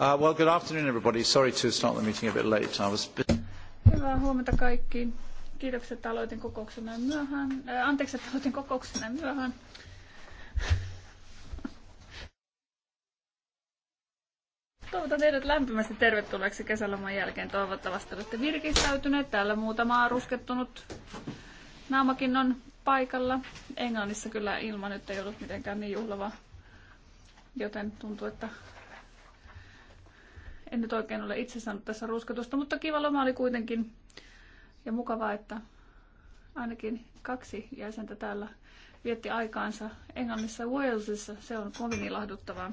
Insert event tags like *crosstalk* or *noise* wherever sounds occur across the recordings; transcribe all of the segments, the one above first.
Uh, well, good afternoon everybody. Sorry to start the meeting a bit late. I was... Hyvää huomenta kaikkiin. Kiitokset, että aloitin kokouksen näin myöhään. Äh, anteeksi, että aloitin kokouksen näin myöhään. Toivotan teidät lämpimästi tervetulleeksi kesäloman jälkeen. Toivottavasti olette virkistäytyneet. Täällä muutama ruskettunut naamakin on paikalla. Englannissa kyllä ilma nyt ei ollut mitenkään niin juhlava, joten tuntuu, että nyt oikein ole itse saanut tässä ruskatusta, mutta kiva loma oli kuitenkin. Ja mukavaa, että ainakin kaksi jäsentä täällä vietti aikaansa Englannissa Walesissa. Se on kovin ilahduttavaa.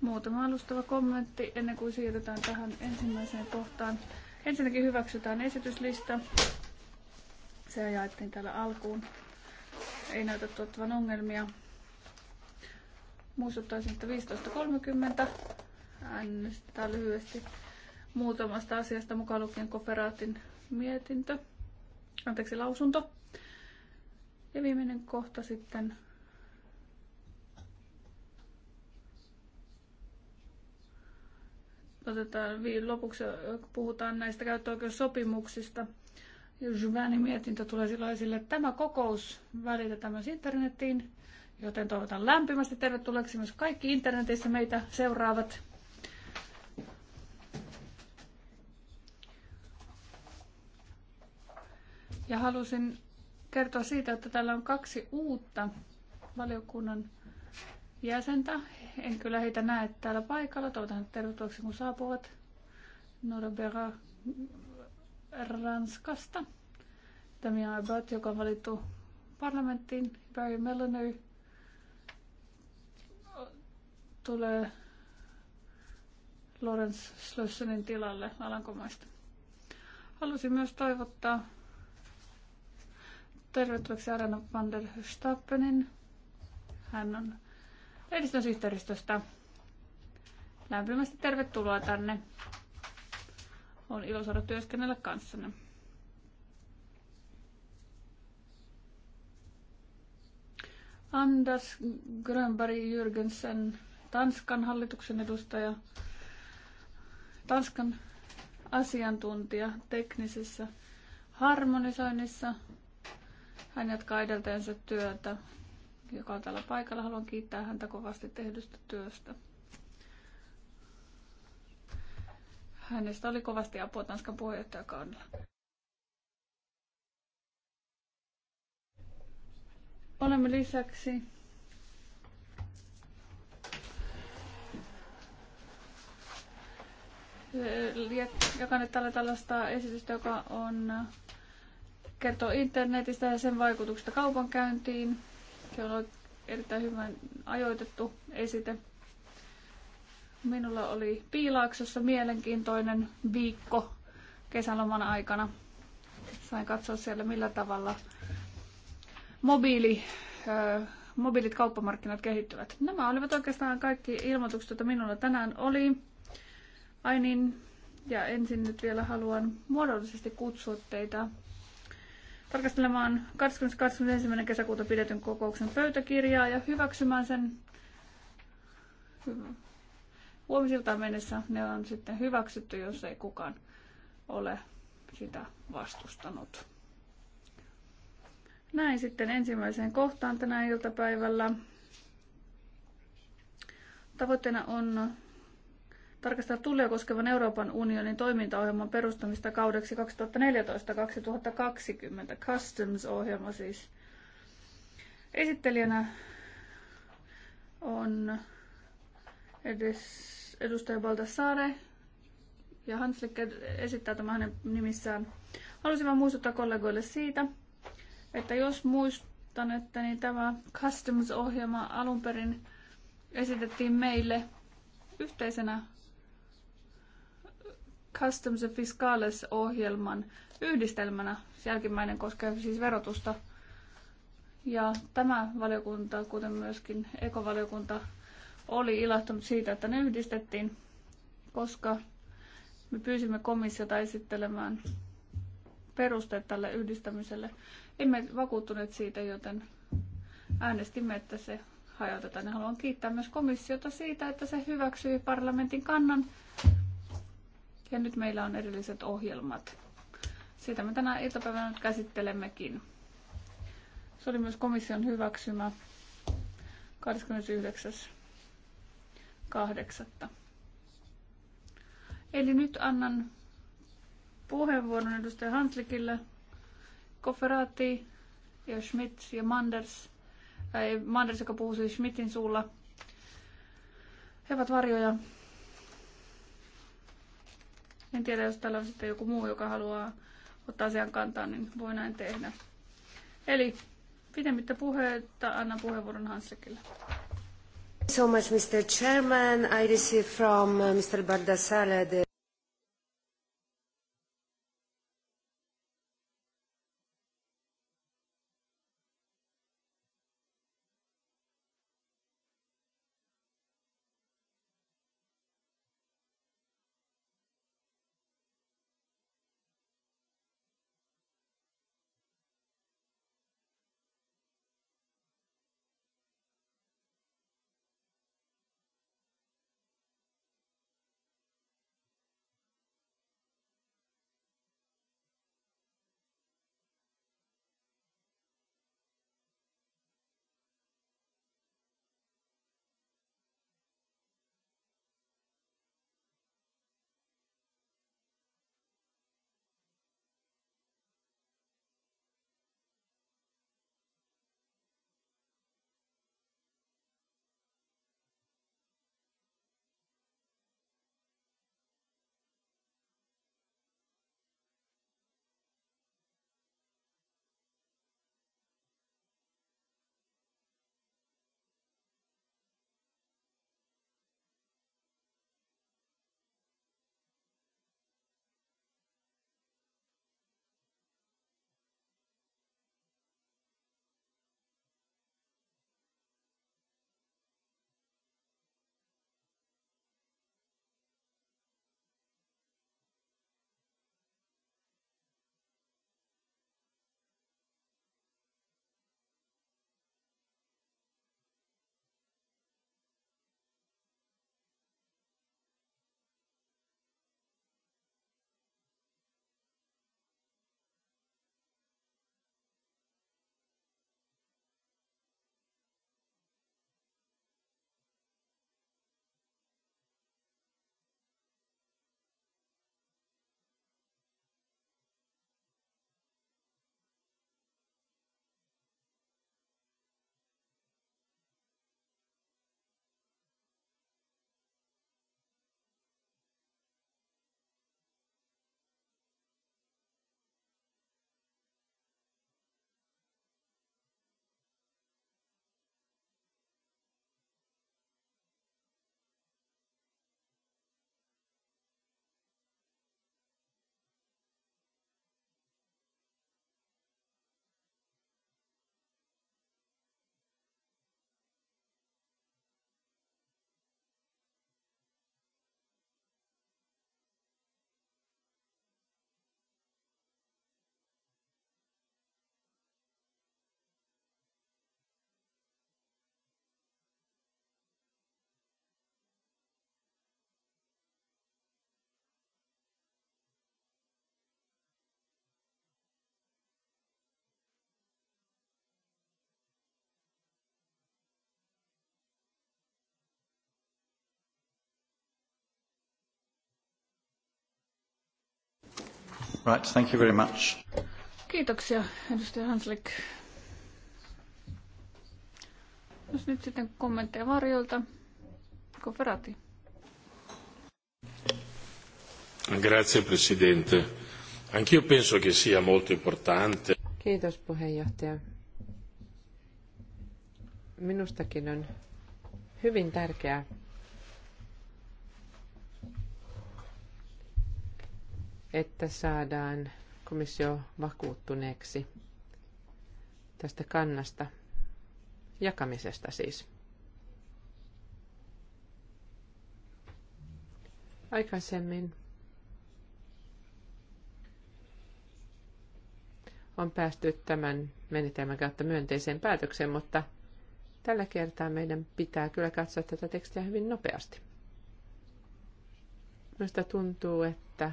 Muutama alustava kommentti ennen kuin siirrytään tähän ensimmäiseen kohtaan. Ensinnäkin hyväksytään esityslista. Se jaettiin täällä alkuun ei näytä tuottavan ongelmia. Muistuttaisin, että 15.30 äänestetään lyhyesti muutamasta asiasta mukaan lukien koferaatin mietintö, anteeksi lausunto. Ja viimeinen kohta sitten otetaan lopuksi, äh, puhutaan näistä käyttöoikeussopimuksista. Jyvänin mietintö tulee silloin esille. Tämä kokous välitetään myös internetiin, joten toivotan lämpimästi tervetulleeksi myös kaikki internetissä meitä seuraavat. Ja halusin kertoa siitä, että täällä on kaksi uutta valiokunnan jäsentä. En kyllä heitä näe täällä paikalla. Toivotan tervetulleeksi, kun saapuvat. Nora Bera Ranskasta. Damien Abbott, joka on valittu parlamenttiin, Barry Milliner tulee Lawrence Slössönin tilalle Alankomaista. Halusin myös toivottaa tervetulleeksi Arena van der Stappenin. Hän on edistysyhteistöstä. Lämpimästi tervetuloa tänne. On ilo saada työskennellä kanssanne. Anders Grönberg Jürgensen, Tanskan hallituksen edustaja, Tanskan asiantuntija teknisessä harmonisoinnissa. Hän jatkaa edeltäjänsä työtä, joka on täällä paikalla. Haluan kiittää häntä kovasti tehdystä työstä. Hänestä oli kovasti apua Tanskan puheenjohtajakaudella. Olemme lisäksi jakaneet tällä tällaista esitystä, joka on kertoo internetistä ja sen vaikutuksesta kaupankäyntiin. Se on erittäin hyvän ajoitettu esite. Minulla oli Piilaaksossa mielenkiintoinen viikko kesäloman aikana. Sain katsoa siellä millä tavalla mobiili, ö, mobiilit kauppamarkkinat kehittyvät. Nämä olivat oikeastaan kaikki ilmoitukset, joita minulla tänään oli. Ai niin, ja ensin nyt vielä haluan muodollisesti kutsua teitä tarkastelemaan 20.21. kesäkuuta pidetyn kokouksen pöytäkirjaa ja hyväksymään sen Huomisilta mennessä ne on sitten hyväksytty, jos ei kukaan ole sitä vastustanut. Näin sitten ensimmäiseen kohtaan tänä iltapäivällä. Tavoitteena on tarkastaa tullia koskevan Euroopan unionin toimintaohjelman perustamista kaudeksi 2014-2020, Customs-ohjelma siis. Esittelijänä on edes edustaja Baltasare ja Hanslikke esittää tämän hänen nimissään. Haluaisin vain muistuttaa kollegoille siitä, että jos muistan, että niin tämä Customs-ohjelma alun perin esitettiin meille yhteisenä Customs ja Fiscales-ohjelman yhdistelmänä. Jälkimmäinen koskee siis verotusta. Ja tämä valiokunta, kuten myöskin ekovaliokunta, oli ilahtunut siitä, että ne yhdistettiin, koska me pyysimme komissiota esittelemään perusteet tälle yhdistämiselle. Emme vakuuttuneet siitä, joten äänestimme, että se hajautetaan. Ja haluan kiittää myös komissiota siitä, että se hyväksyi parlamentin kannan. Ja nyt meillä on erilliset ohjelmat. Sitä me tänä iltapäivänä nyt käsittelemmekin. Se oli myös komission hyväksymä 29 kahdeksatta. Eli nyt annan puheenvuoron edustaja Hanslikille. Koferaati ja Schmidt ja Manders, äh, Manders, joka puhuu siis Schmidtin suulla. He ovat varjoja. En tiedä, jos täällä on sitten joku muu, joka haluaa ottaa asian kantaa, niin voi näin tehdä. Eli pitemmittä puheita annan puheenvuoron Hanslikille. So much, Mr. Chairman. I receive from uh, Mr. Bardasale the... Right, thank you very much. Kiitoksia, edustaja Hanslik. Jos nyt sitten kommentteja varjolta. Koferati. Grazie Presidente. Anch'io penso che sia molto importante. Kiitos puheenjohtaja. Minustakin on hyvin tärkeää että saadaan komissio vakuuttuneeksi tästä kannasta, jakamisesta siis. Aikaisemmin on päästy tämän menetelmän kautta myönteiseen päätökseen, mutta tällä kertaa meidän pitää kyllä katsoa tätä tekstiä hyvin nopeasti. Minusta tuntuu, että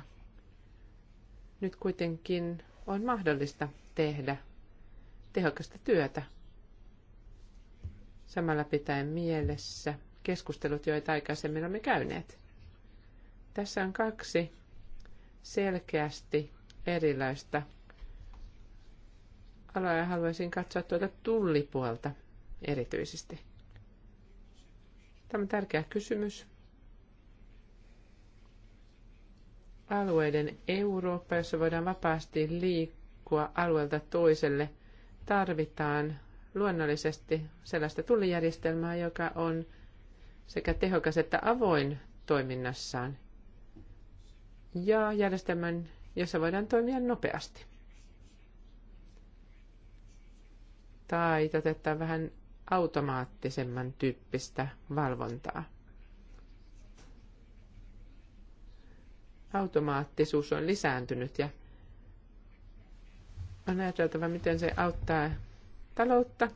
nyt kuitenkin on mahdollista tehdä tehokasta työtä. Samalla pitäen mielessä keskustelut, joita aikaisemmin olemme käyneet. Tässä on kaksi selkeästi erilaista aloja. ja haluaisin katsoa tuota tullipuolta erityisesti. Tämä on tärkeä kysymys. alueiden Eurooppa, jossa voidaan vapaasti liikkua alueelta toiselle, tarvitaan luonnollisesti sellaista tullijärjestelmää, joka on sekä tehokas että avoin toiminnassaan ja järjestelmän, jossa voidaan toimia nopeasti. Tai toteuttaa vähän automaattisemman tyyppistä valvontaa. automaattisuus on lisääntynyt ja on ajateltava, miten se auttaa taloutta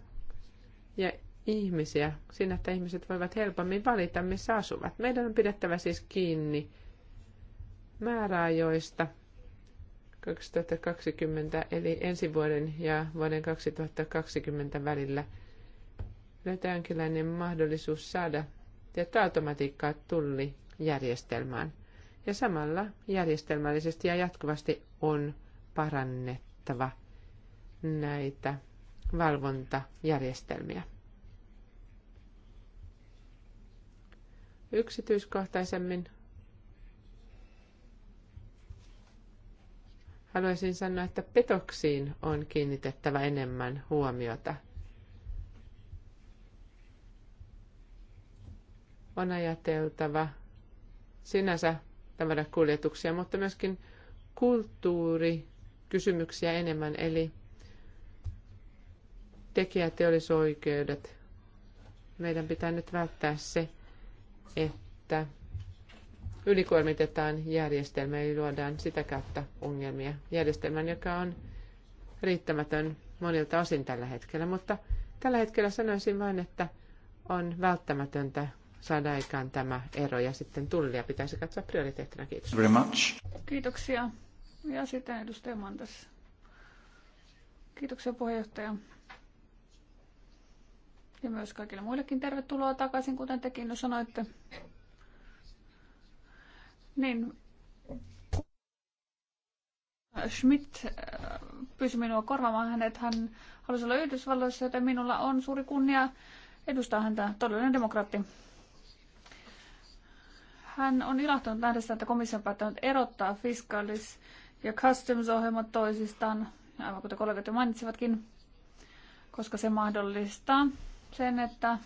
ja ihmisiä siinä, että ihmiset voivat helpommin valita, missä asuvat. Meidän on pidettävä siis kiinni määräajoista 2020 eli ensi vuoden ja vuoden 2020 välillä löytää jonkinlainen mahdollisuus saada tietoautomatiikkaa tulli tullijärjestelmään. Ja samalla järjestelmällisesti ja jatkuvasti on parannettava näitä valvontajärjestelmiä. Yksityiskohtaisemmin haluaisin sanoa, että petoksiin on kiinnitettävä enemmän huomiota. On ajateltava sinänsä kuljetuksia, mutta myöskin kulttuurikysymyksiä enemmän, eli tekijäteollisoikeudet. Meidän pitää nyt välttää se, että ylikuormitetaan järjestelmä, eli luodaan sitä kautta ongelmia järjestelmän, joka on riittämätön monilta osin tällä hetkellä. Mutta tällä hetkellä sanoisin vain, että on välttämätöntä saada aikaan tämä ero ja sitten tullia pitäisi katsoa prioriteettina. Kiitos. Very much. Kiitoksia. Ja sitten edustaja Mantas. Kiitoksia puheenjohtaja. Ja myös kaikille muillekin tervetuloa takaisin, kuten tekin jo sanoitte. Niin. Schmidt äh, pyysi minua korvaamaan hänet. Hän halusi olla Yhdysvalloissa, joten minulla on suuri kunnia edustaa häntä. Todellinen demokraatti. Hän on ilahtunut nähdessä, että komissio on päättänyt erottaa fiskalis- ja customs-ohjelmat toisistaan, aivan kuten kollegat jo mainitsivatkin, koska se mahdollistaa sen, että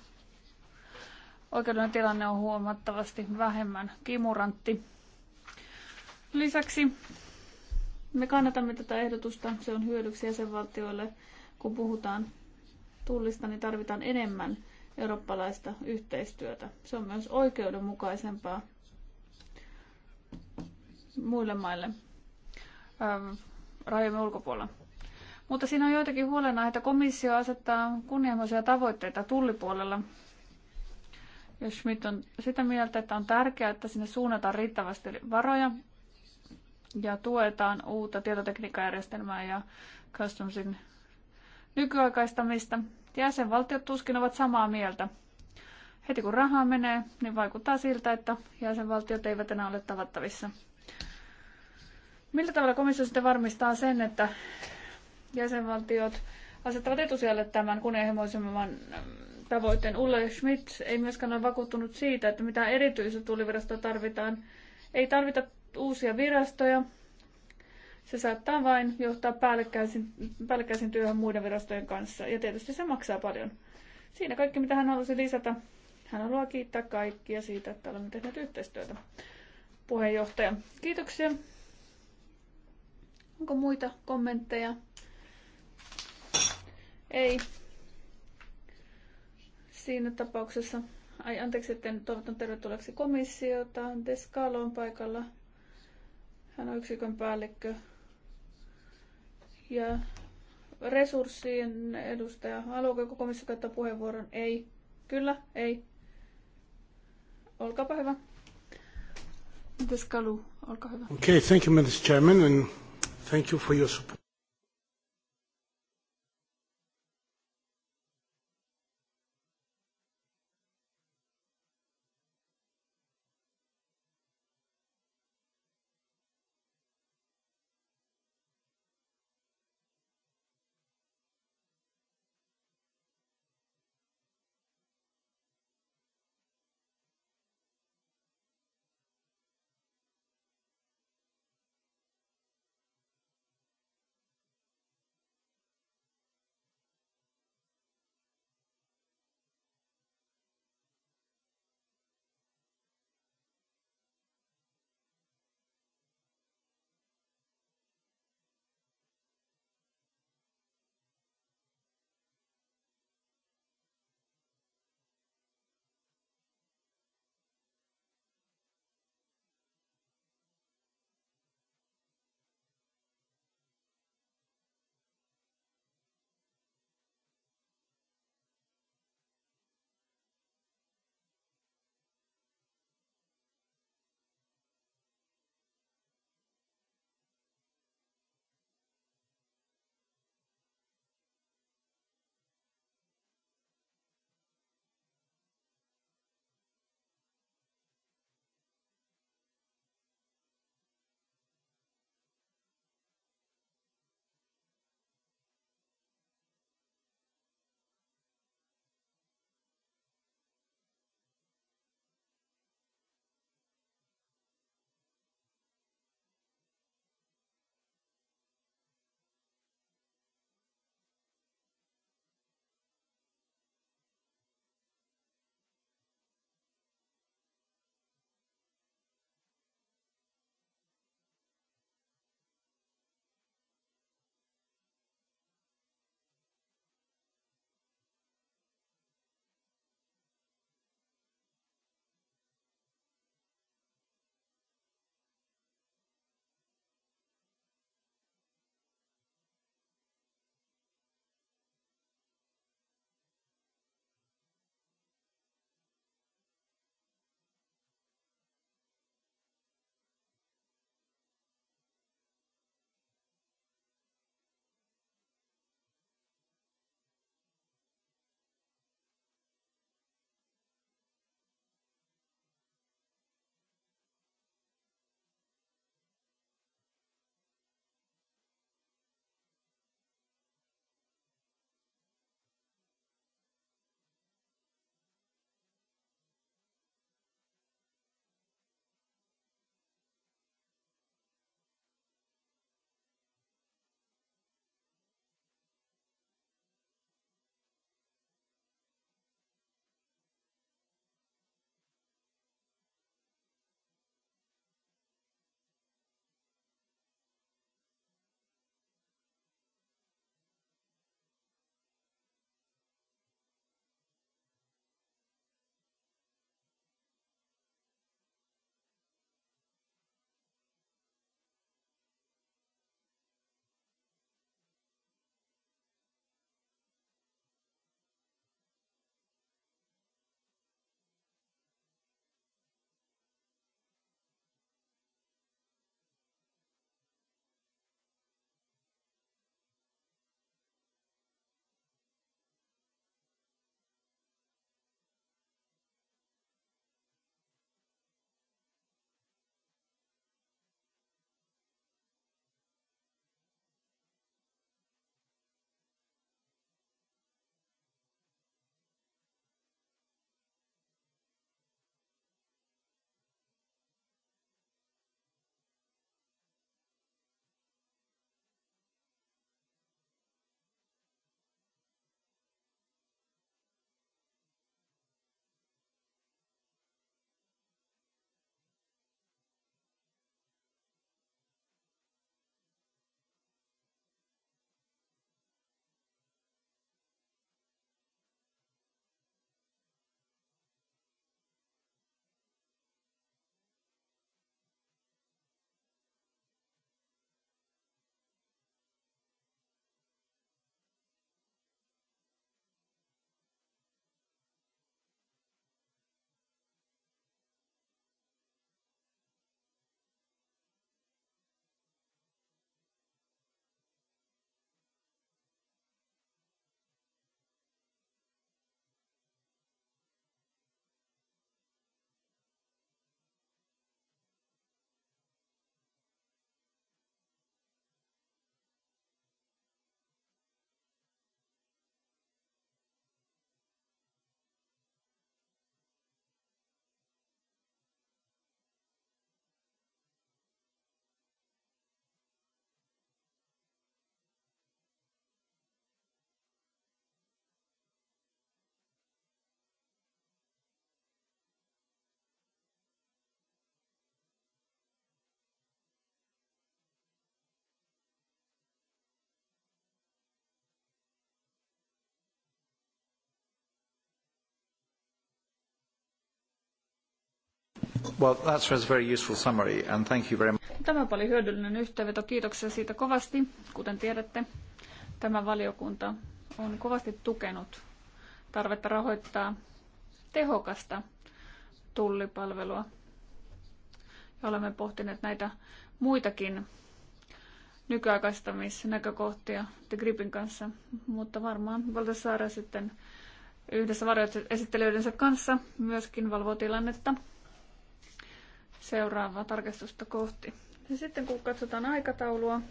oikeudellinen tilanne on huomattavasti vähemmän kimurantti. Lisäksi me kannatamme tätä ehdotusta. Se on hyödyksi jäsenvaltioille. Kun puhutaan tullista, niin tarvitaan enemmän eurooppalaista yhteistyötä. Se on myös oikeudenmukaisempaa muille maille ähm, rajojen ulkopuolella. Mutta siinä on joitakin huolena, että komissio asettaa kunnianhimoisia tavoitteita tullipuolella. Ja Schmidt on sitä mieltä, että on tärkeää, että sinne suunnataan riittävästi varoja ja tuetaan uutta tietotekniikkajärjestelmää ja customsin nykyaikaistamista. Jäsenvaltiot tuskin ovat samaa mieltä. Heti kun rahaa menee, niin vaikuttaa siltä, että jäsenvaltiot eivät enää ole tavattavissa. Millä tavalla komissio sitten varmistaa sen, että jäsenvaltiot asettavat etusijalle tämän kunnianhimoisemman tavoitteen? Ulle Schmidt ei myöskään ole vakuuttunut siitä, että mitä erityistä tullivirastoa tarvitaan. Ei tarvita uusia virastoja. Se saattaa vain johtaa päällekkäisin, päällekkäisin työhön muiden virastojen kanssa. Ja tietysti se maksaa paljon. Siinä kaikki, mitä hän halusi lisätä. Hän haluaa kiittää kaikkia siitä, että olemme tehneet yhteistyötä. Puheenjohtaja, kiitoksia. Onko muita kommentteja? Ei. Siinä tapauksessa, ai anteeksi, että en toivotan tervetulleeksi komissiota. Descalo on paikalla. Hän on yksikön päällikkö. Ja resurssien edustaja. Haluaako komissio käyttää puheenvuoron? Ei. Kyllä, ei. Olkaapa hyvä. Descalo, olkaa hyvä. Okay, thank you, Mr. Chairman. And Thank you for your support. Well, very useful summary and thank you very much. Tämä oli hyödyllinen yhteenveto. Kiitoksia siitä kovasti. Kuten tiedätte, tämä valiokunta on kovasti tukenut tarvetta rahoittaa tehokasta tullipalvelua. Ja olemme pohtineet näitä muitakin nykyaikaistamisnäkökohtia The Gripin kanssa, mutta varmaan Valtasaara sitten yhdessä varjoesittelijöidensä kanssa myöskin valvoo tilannetta seuraavaa tarkastusta kohti. Ja sitten kun katsotaan aikataulua,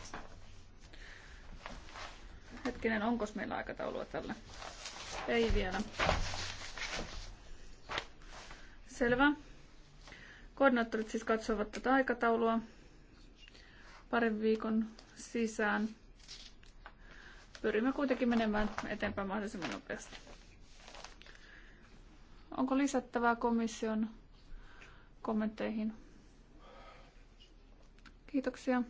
hetkinen, onko meillä aikataulua tällä? Ei vielä. Selvä. Koordinaattorit siis katsovat tätä aikataulua parin viikon sisään. Pyrimme kuitenkin menemään eteenpäin mahdollisimman nopeasti. Onko lisättävää komission kommentteihin? Kiitoksia.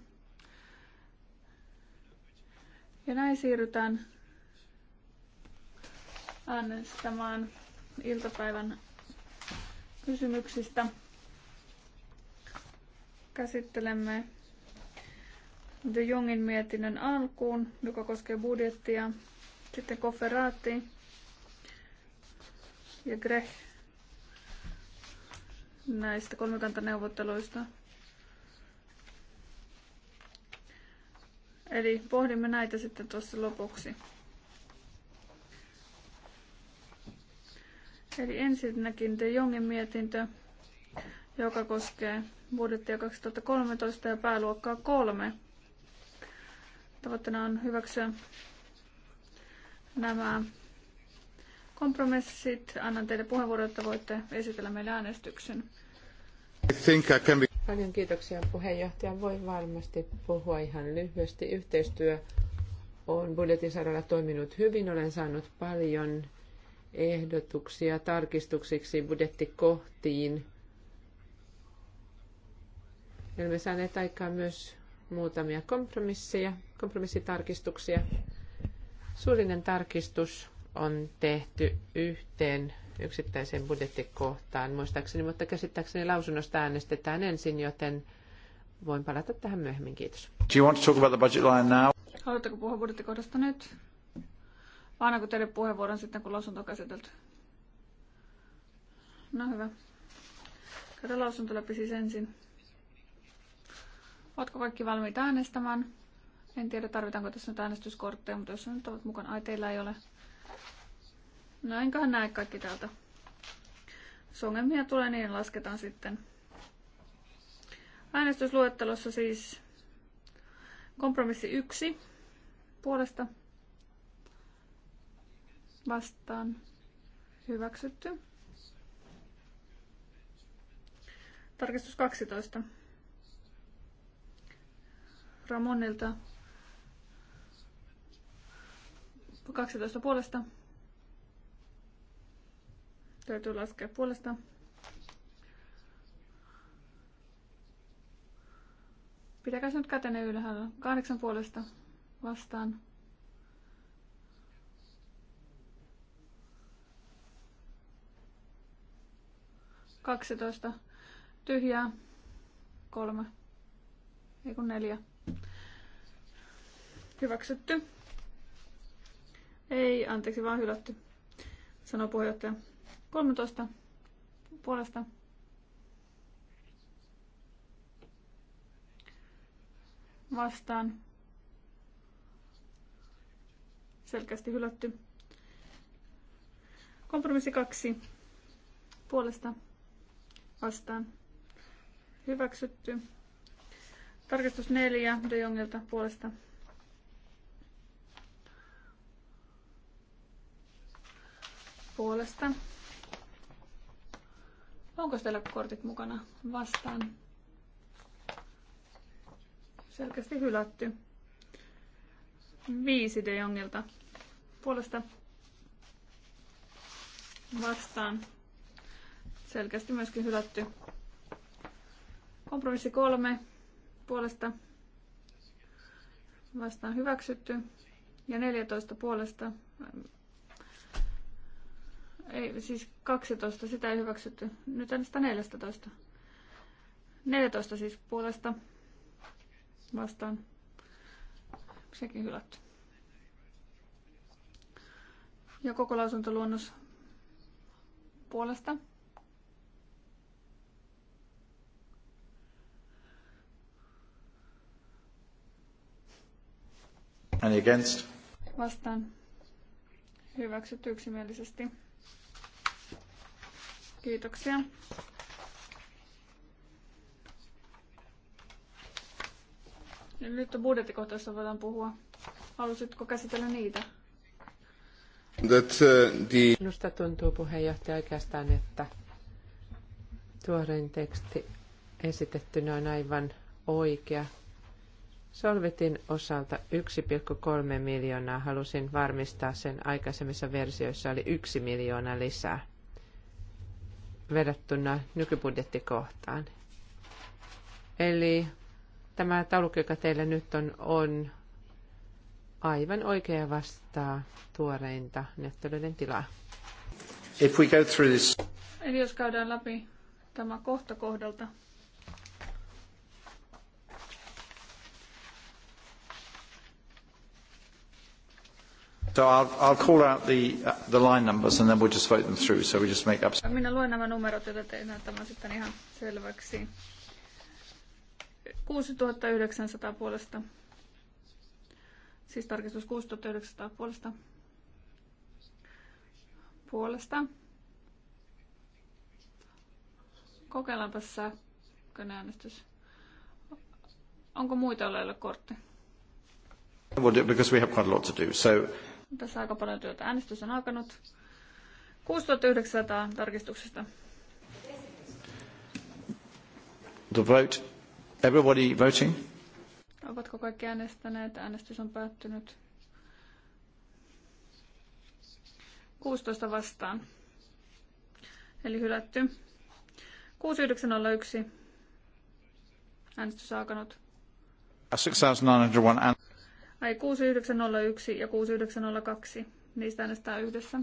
Ja näin siirrytään äänestämään iltapäivän kysymyksistä. Käsittelemme De Jongin mietinnön alkuun, joka koskee budjettia. Sitten Koferaatti ja Greh näistä kolmikantaneuvotteluista. neuvotteluista. Eli pohdimme näitä sitten tuossa lopuksi. Eli ensinnäkin De Jongin mietintö, joka koskee budjettia 2013 ja pääluokkaa 3. Tavoitteena on hyväksyä nämä kompromissit. Annan teille puheenvuoron, että voitte esitellä meille äänestyksen. Paljon kiitoksia puheenjohtaja. Voin varmasti puhua ihan lyhyesti. Yhteistyö on budjetin saralla toiminut hyvin. Olen saanut paljon ehdotuksia tarkistuksiksi budjettikohtiin. Olemme saaneet aikaan myös muutamia kompromisseja, kompromissitarkistuksia. Suurinen tarkistus on tehty yhteen yksittäiseen budjettikohtaan muistaakseni, mutta käsittääkseni lausunnosta äänestetään ensin, joten voin palata tähän myöhemmin. Kiitos. Do you want to talk about the budget line now? Haluatteko puhua budjettikohdasta nyt? Vai kun teille puheenvuoron sitten, kun lausunto on käsitelty? No hyvä. Käydään lausunto läpi siis ensin. Oletko kaikki valmiita äänestämään? En tiedä, tarvitaanko tässä nyt äänestyskortteja, mutta jos nyt ovat mukana, ai teillä ei ole. No enköhän näe kaikki täältä. Jos tulee, niin lasketaan sitten. Äänestysluettelossa siis kompromissi 1 puolesta vastaan hyväksytty. Tarkistus 12. Ramonilta 12 puolesta Täytyy laskea puolesta. Pitäkääs nyt kätenne ylhäällä. Kahdeksan puolesta vastaan. Kaksitoista. Tyhjää. Kolme. Ei kun neljä. Hyväksytty. Ei, anteeksi, vaan hylätty, sanoo puheenjohtaja. 13 puolesta. Vastaan. Selkeästi hylätty. Kompromissi 2 puolesta. Vastaan. Hyväksytty. Tarkistus 4 De Jongilta puolesta. Puolesta Onko teillä kortit mukana vastaan? Selkeästi hylätty. 5 De Jongilta puolesta vastaan. Selkeästi myöskin hylätty. Kompromissi kolme puolesta vastaan hyväksytty ja 14 puolesta ei, siis 12, sitä ei hyväksytty. Nyt äänestetään 14. 14 siis puolesta vastaan. Sekin hylätty. Ja koko lausuntoluonnos puolesta. against? Vastaan. Hyväksytty yksimielisesti. Kiitoksia. nyt on budjettikohtaista voidaan puhua. Halusitko käsitellä niitä? Minusta uh, the... tuntuu puheenjohtaja oikeastaan, että tuorein teksti esitettynä on aivan oikea. Solvitin osalta 1,3 miljoonaa. Halusin varmistaa sen aikaisemmissa versioissa oli 1 miljoona lisää verrattuna nykybudjettikohtaan. Eli tämä taulukko, joka teillä nyt on, on aivan oikea vastaa tuoreinta neuvotteluiden tilaa. If we go through this... Eli jos käydään läpi tämä kohta kohdalta, So I'll, I'll call out the, uh, the line numbers and then we'll just vote them through. So we just make up. Minä luen nämä numerot, joten tehdään tämä sitten ihan selväksi. 6900 puolesta. Siis tarkistus 6900 puolesta. Puolesta. Kokeillaanpa sähköäänestys. Onko muita oleilla kortti? We'll do, because we have quite a lot to do. So tässä aika paljon työtä. Äänestys on alkanut. 6900 tarkistuksesta. The vote. Everybody voting? Ovatko kaikki äänestäneet? Äänestys on päättynyt. 16 vastaan. Eli hylätty. 6901. Äänestys alkanut. 6901. Ai 6901 ja 6902. Niistä äänestää yhdessä.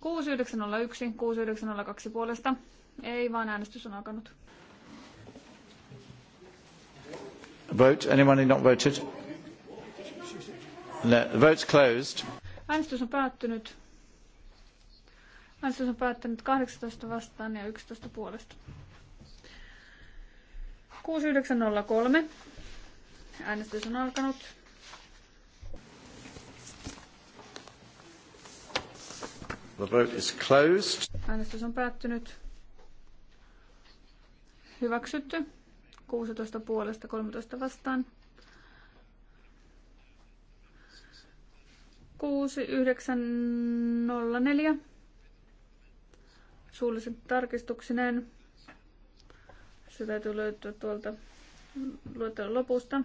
6901, 6902 puolesta. Ei, vaan äänestys on alkanut. Vote. Anyone not voted? No. The vote's closed. Äänestys on päättynyt. Äänestys on päättynyt 18 vastaan ja 11 puolesta. 6903. Äänestys on alkanut. The vote is closed. Äänestys on päättynyt. Hyväksytty. 16 puolesta 13 vastaan. 6904 suullisen tarkistuksineen. Se täytyy löytyä tuolta luettelon lopusta.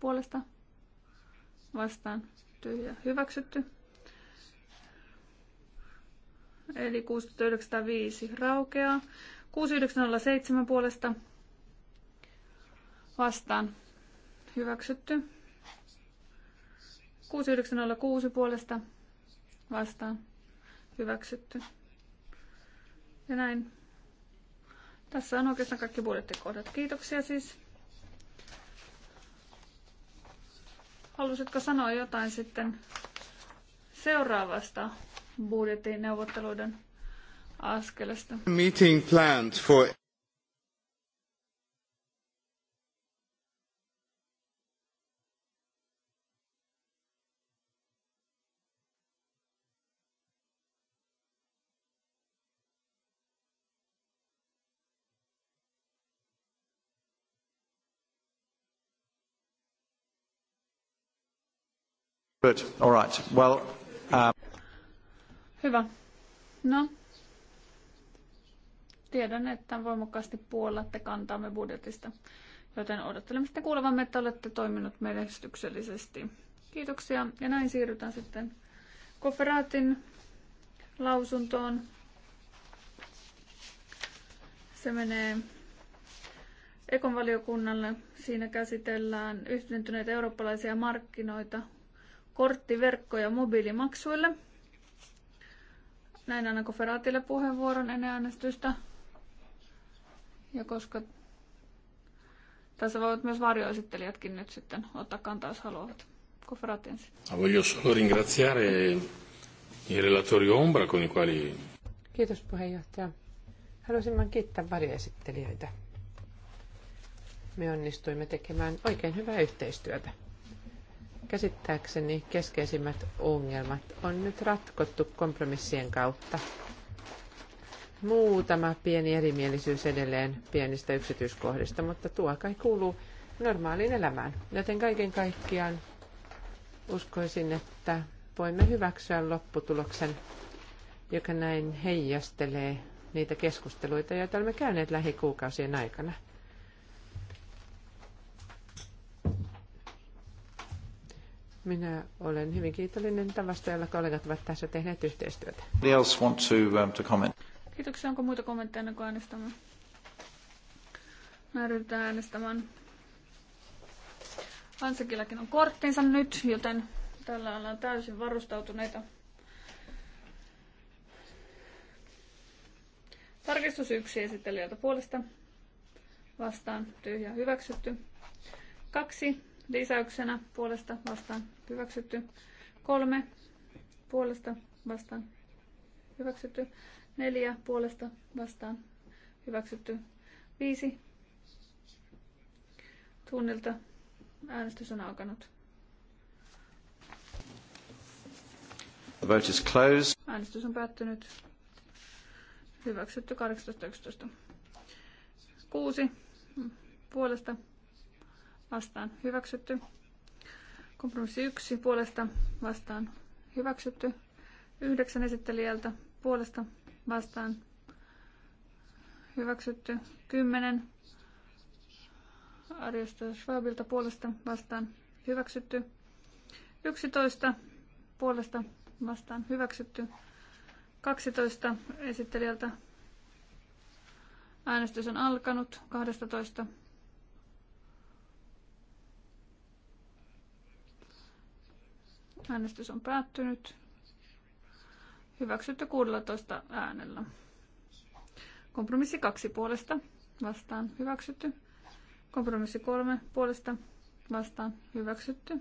Puolesta vastaan ja hyväksytty. Eli 6905 raukeaa. 6907 puolesta vastaan hyväksytty. 6906 puolesta vastaan hyväksytty. Ja näin. Tässä on oikeastaan kaikki budjettikohdat. Kiitoksia siis. Halusitko sanoa jotain sitten seuraavasta budjettineuvotteluiden askelesta? Meeting planned for... Good. All right. Well, um, Hyvä. No, tiedän, että voimakkaasti puolatte kantaamme budjetista, joten odottelemme sitten kuulevamme, että olette toiminut menestyksellisesti. Kiitoksia ja näin siirrytään sitten koferaatin lausuntoon. Se menee Ekon valiokunnalle. Siinä käsitellään yhdentyneitä eurooppalaisia markkinoita – kortti-, ja mobiilimaksuille. Näin annan Koferaatille puheenvuoron ennen äänestystä. Ja koska tässä voivat myös varjoesittelijätkin nyt sitten ottaa kantaa, jos haluavat. Koferaatti ensin. Voglio solo ringraziare i relatori Ombra con i quali... Kiitos puheenjohtaja. Haluaisin vain kiittää varjoesittelijöitä. Me onnistuimme tekemään oikein hyvää yhteistyötä. Käsittääkseni keskeisimmät ongelmat on nyt ratkottu kompromissien kautta. Muutama pieni erimielisyys edelleen pienistä yksityiskohdista, mutta tuo kai kuuluu normaaliin elämään. Joten kaiken kaikkiaan uskoisin, että voimme hyväksyä lopputuloksen, joka näin heijastelee niitä keskusteluita, joita olemme käyneet lähikuukausien aikana. Minä olen hyvin kiitollinen tavasta, jolla kollegat ovat tässä tehneet yhteistyötä. Else want to, um, to comment? Kiitoksia. Onko muita kommentteja ennen kuin äänestämään? Mä ryhdytään äänestämään. Hansakillakin on korttinsa nyt, joten tällä ollaan täysin varustautuneita. Tarkistus yksi esittelijältä puolesta. Vastaan tyhjä hyväksytty. Kaksi lisäyksenä puolesta vastaan hyväksytty. Kolme puolesta vastaan hyväksytty. Neljä puolesta vastaan hyväksytty. Viisi tunnilta äänestys on alkanut. The vote is closed. Äänestys on päättynyt. Hyväksytty 18.11. Kuusi puolesta vastaan hyväksytty. Kompromissi 1 puolesta vastaan hyväksytty. Yhdeksän esittelijältä puolesta vastaan hyväksytty. Kymmenen, Arjosta Schwabilta puolesta vastaan hyväksytty. Yksitoista puolesta vastaan hyväksytty. 12 esittelijältä äänestys on alkanut. 12 Äänestys on päättynyt. Hyväksytty 16 äänellä. Kompromissi 2 puolesta vastaan hyväksytty. Kompromissi 3 puolesta vastaan hyväksytty.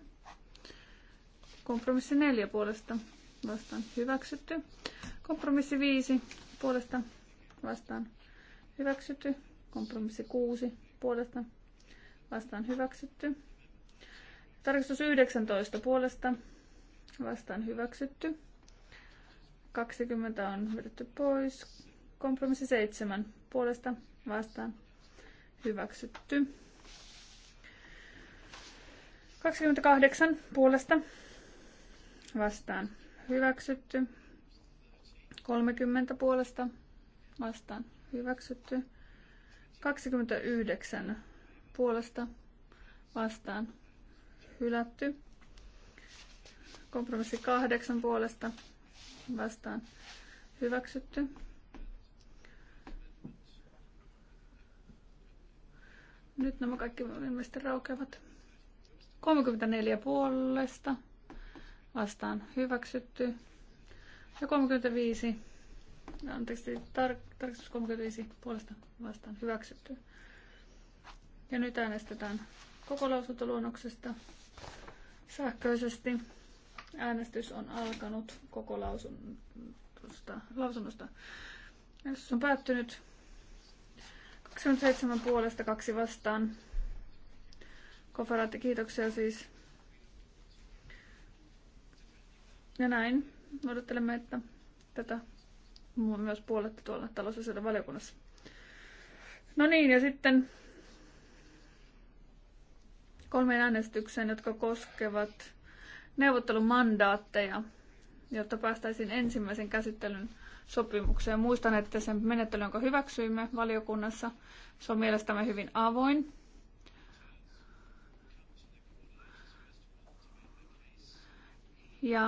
Kompromissi 4 puolesta vastaan hyväksytty. Kompromissi 5 puolesta vastaan hyväksytty. Kompromissi 6 puolesta vastaan hyväksytty. Tarkistus 19 puolesta vastaan hyväksytty. 20 on vedetty pois. Kompromissi 7 puolesta vastaan hyväksytty. 28 puolesta vastaan hyväksytty. 30 puolesta vastaan hyväksytty. 29 puolesta vastaan hylätty. Kompromissi kahdeksan puolesta vastaan hyväksytty. Nyt nämä kaikki ilmeisesti raukeavat. 34 puolesta vastaan hyväksytty. Ja 35, anteeksi, tar- tarkistus 35 puolesta vastaan hyväksytty. Ja nyt äänestetään koko lausuntoluonnoksesta sähköisesti. Äänestys on alkanut koko lausunnosta. lausunnosta. Äänestys on päättynyt 27 puolesta kaksi vastaan. Koferaatti, kiitoksia siis. Ja näin. Odottelemme, että tätä myös puoletta tuolla talousasioiden valiokunnassa. No niin, ja sitten kolmeen äänestykseen, jotka koskevat neuvottelumandaatteja, jotta päästäisiin ensimmäisen käsittelyn sopimukseen. Muistan, että sen menettely, jonka hyväksyimme valiokunnassa, se on mielestämme hyvin avoin. Ja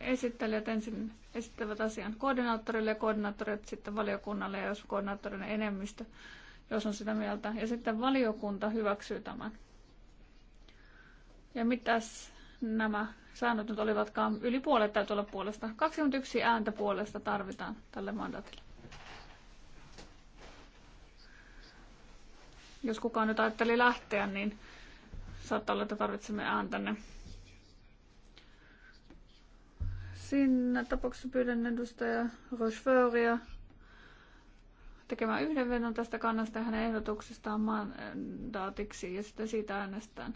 esittelijät ensin esittävät asian koordinaattorille ja koordinaattorit sitten valiokunnalle, ja jos koordinaattorin enemmistö, jos on sitä mieltä. Ja sitten valiokunta hyväksyy tämän. Ja mitäs nämä säännöt nyt olivatkaan. Yli puolet täytyy olla puolesta. 21 ääntä puolesta tarvitaan tälle mandaatille. Jos kukaan nyt ajatteli lähteä, niin saattaa olla, että tarvitsemme ääntänne. Siinä tapauksessa pyydän edustaja Rochefortia tekemään yhdenvedon tästä kannasta hänen ehdotuksestaan mandaatiksi ja sitten siitä äänestään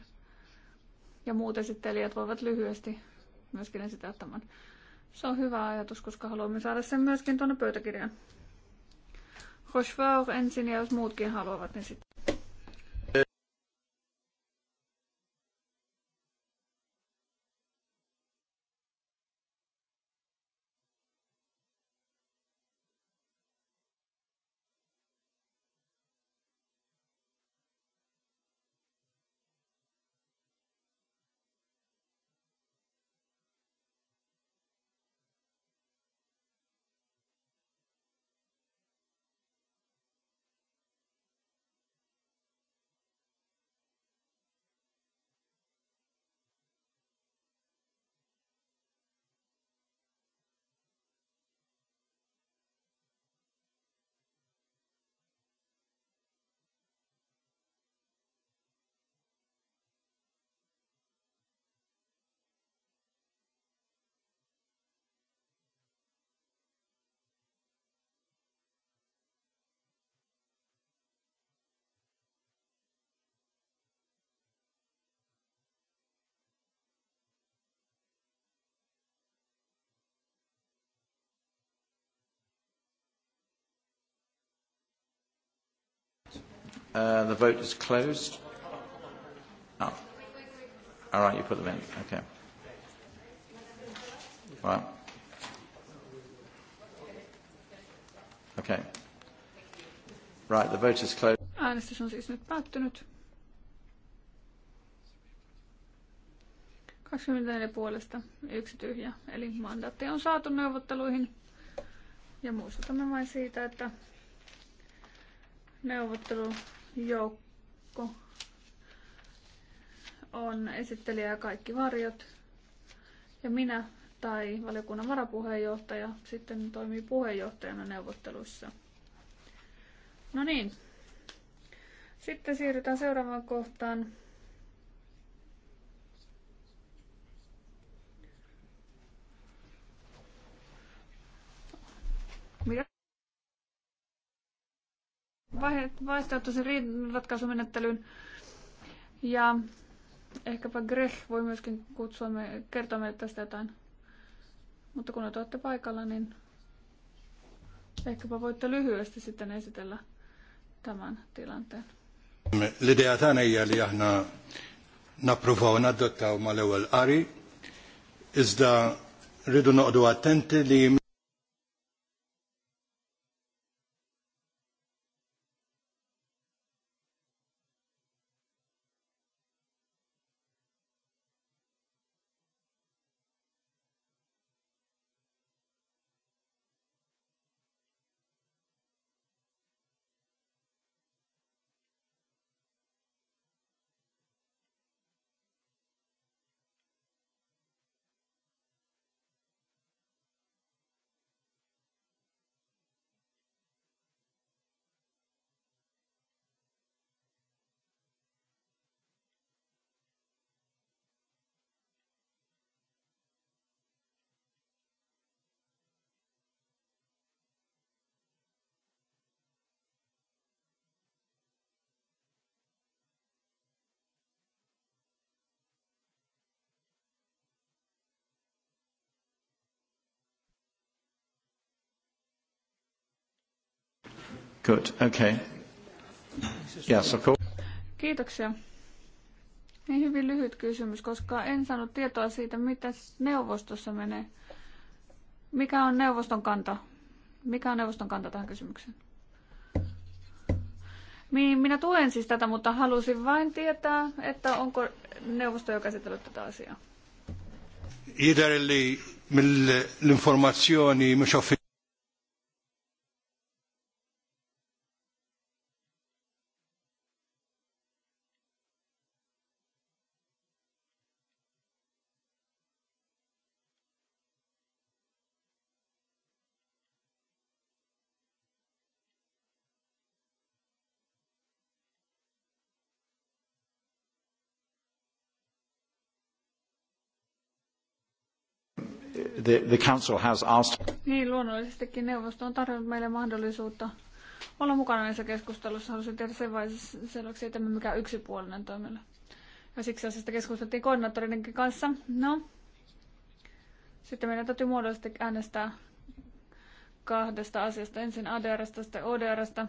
ja muut esittelijät voivat lyhyesti myöskin esittää tämän. Se on hyvä ajatus, koska haluamme saada sen myöskin tuonne pöytäkirjaan. Rochefort ensin ja jos muutkin haluavat, niin sitten. Uh, the vote is closed. Oh. All right, you put them in. Okay. All right. Okay. Right, the vote is closed. Äänestys on siis nyt päättynyt. 24 puolesta, yksi tyhjä. Eli mandaatti on saatu neuvotteluihin. Ja muistutamme vain siitä, että neuvottelu joukko on esittelijä ja kaikki varjot. Ja minä tai valiokunnan varapuheenjohtaja sitten toimii puheenjohtajana neuvotteluissa. No niin. Sitten siirrytään seuraavaan kohtaan. Mitä? vaihtoehtoisen ratkaisumenettelyyn. Ja ehkäpä Greg voi myöskin kutsua me, kertoa meille tästä jotain. Mutta kun olette paikalla, niin ehkäpä voitte lyhyesti sitten esitellä tämän tilanteen. Lidea tänne jäljellä na, li aħna napprovaw nadottaw ari. ewwel qari, iżda rridu li Good, okay. Yes, of course. Kiitoksia. Niin hyvin lyhyt kysymys, koska en saanut tietoa siitä, mitä neuvostossa menee. Mikä on neuvoston kanta? Mikä on neuvoston kanta tähän kysymykseen? Minä tuen siis tätä, mutta halusin vain tietää, että onko neuvosto jo käsitellyt tätä asiaa. Jider mille mill the, the council has asked... Niin, luonnollisestikin neuvosto on tarjonnut meille mahdollisuutta olla mukana näissä keskustelussa. Haluaisin tehdä sen selväksi, että me mikään yksipuolinen toimilla. Ja siksi asiasta keskusteltiin koordinaattorinkin kanssa. No, sitten meidän täytyy muodollisesti äänestää kahdesta asiasta. Ensin ADRstä, sitten ODRstä.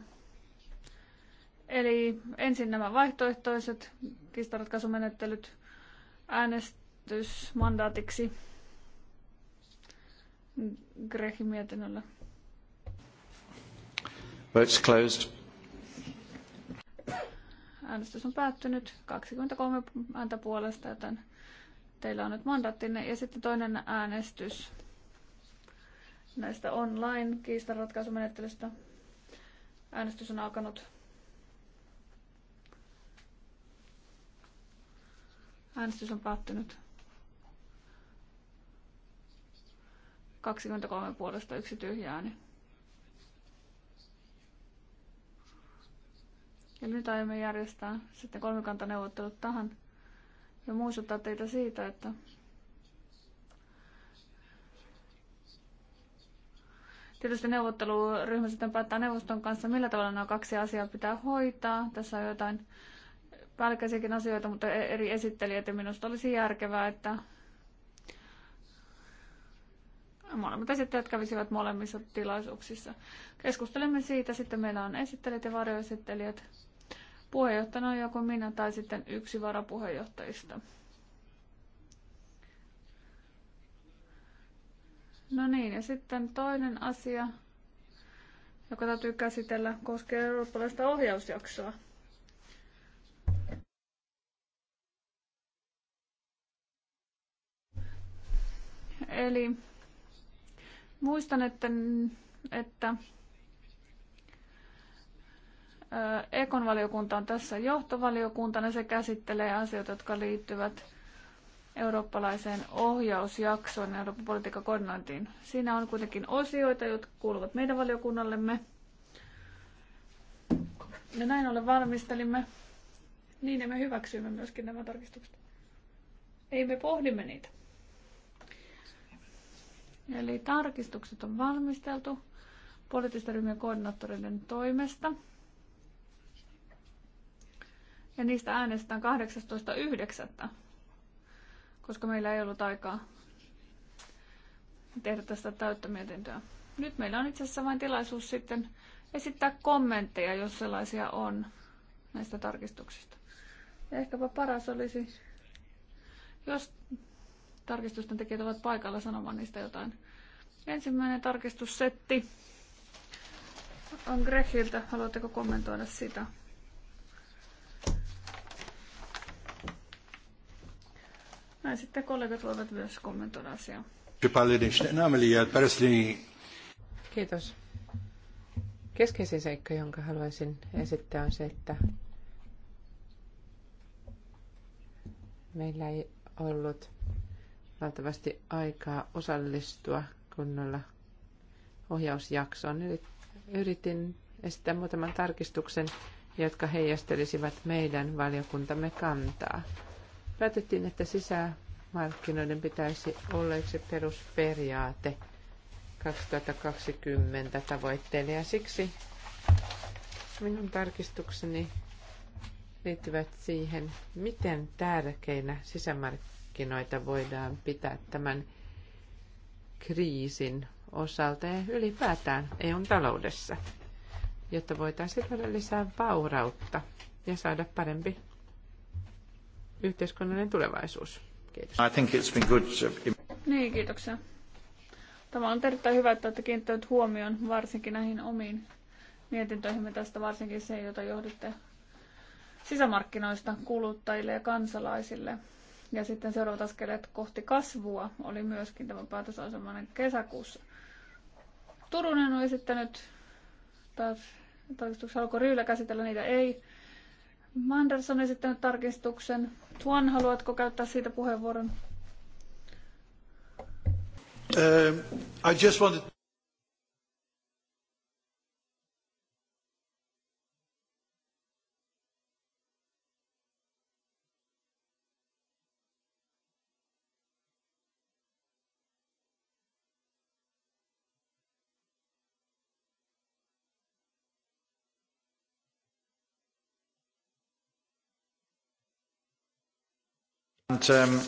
Eli ensin nämä vaihtoehtoiset kistaratkaisumenettelyt äänestysmandaatiksi Grehin mietinnöllä. Votes closed. Äänestys on päättynyt 23 ääntä puolesta, joten teillä on nyt mandaattinne. Ja sitten toinen äänestys näistä online kiistanratkaisumenettelystä. Äänestys on alkanut. Äänestys on päättynyt. 23 puolesta yksi tyhjää. Niin. Ja nyt aiomme järjestää sitten kolmikantaneuvottelut tähän ja muistuttaa teitä siitä, että Tietysti neuvotteluryhmä sitten päättää neuvoston kanssa, millä tavalla nämä kaksi asiaa pitää hoitaa. Tässä on jotain päällekkäisiäkin asioita, mutta e- eri esittelijät ja minusta olisi järkevää, että molemmat esittäjät kävisivät molemmissa tilaisuuksissa. Keskustelemme siitä, sitten meillä on esittelijät ja varjoesittelijät. Puheenjohtajana on joko minä tai sitten yksi varapuheenjohtajista. No niin, ja sitten toinen asia, joka täytyy käsitellä, koskee eurooppalaista ohjausjaksoa. Eli Muistan, että, että Ekon valiokunta on tässä johtovaliokuntana. Se käsittelee asioita, jotka liittyvät eurooppalaiseen ohjausjaksoon Euroopan politiikan koordinointiin. Siinä on kuitenkin osioita, jotka kuuluvat meidän valiokunnallemme. Ja näin ollen valmistelimme. Niin ja me hyväksyimme myöskin nämä tarkistukset. Ei me pohdimme niitä. Eli tarkistukset on valmisteltu poliittisten ryhmien koordinaattoreiden toimesta. Ja niistä äänestetään 18.9. koska meillä ei ollut aikaa tehdä tästä täyttä mietintöä. Nyt meillä on itse asiassa vain tilaisuus sitten esittää kommentteja, jos sellaisia on näistä tarkistuksista. Ja ehkäpä paras olisi, jos tarkistusten tekijät ovat paikalla sanomaan niistä jotain. Ensimmäinen tarkistussetti on Grechiltä. Haluatteko kommentoida sitä? Näin sitten kollegat voivat myös kommentoida asiaa. Kiitos. Keskeisin seikka, jonka haluaisin esittää, on se, että meillä ei ollut valtavasti aikaa osallistua kunnolla ohjausjaksoon. Eli yritin esittää muutaman tarkistuksen, jotka heijastelisivat meidän valiokuntamme kantaa. Päätettiin, että sisämarkkinoiden pitäisi olla yksi perusperiaate 2020 tavoitteille ja siksi minun tarkistukseni liittyvät siihen, miten tärkeinä sisämarkkinoiden markkinoita voidaan pitää tämän kriisin osalta ja ylipäätään EUn taloudessa, jotta voitaisiin saada lisää vaurautta ja saada parempi yhteiskunnallinen tulevaisuus. Kiitos. I think it's been good. Niin, kiitoksia. Tämä on erittäin hyvä, että olette kiinnittäneet huomioon varsinkin näihin omiin mietintöihimme tästä, varsinkin se, jota johditte sisämarkkinoista kuluttajille ja kansalaisille. Ja sitten seuraavat askeleet kohti kasvua oli myöskin tämä päätösasemainen kesäkuussa. Turunen on esittänyt taas tarkistuksen, alkoi Ryylä käsitellä niitä? Ei. Manders on esittänyt tarkistuksen. Tuan, haluatko käyttää siitä puheenvuoron? Uh, I just wanted... And, um,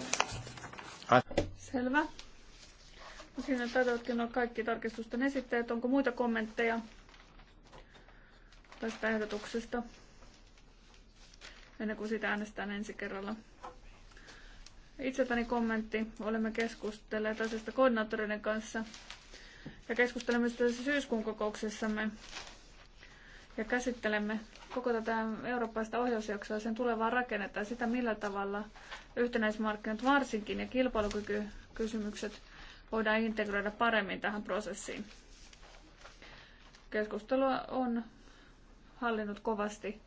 I... Selvä. No, siinä taitavatkin olla kaikki tarkistusten esittäjät. Onko muita kommentteja tästä ehdotuksesta? Ennen kuin sitä äänestetään ensi kerralla. Itseltäni kommentti. Olemme keskustelleet asiasta koordinaattoreiden kanssa ja keskustelemme tässä syyskuun kokouksessamme ja käsittelemme koko tätä eurooppaista ohjausjaksoa, sen tulevaa rakennetta ja sitä, millä tavalla yhtenäismarkkinat varsinkin ja kilpailukykykysymykset voidaan integroida paremmin tähän prosessiin. Keskustelua on hallinnut kovasti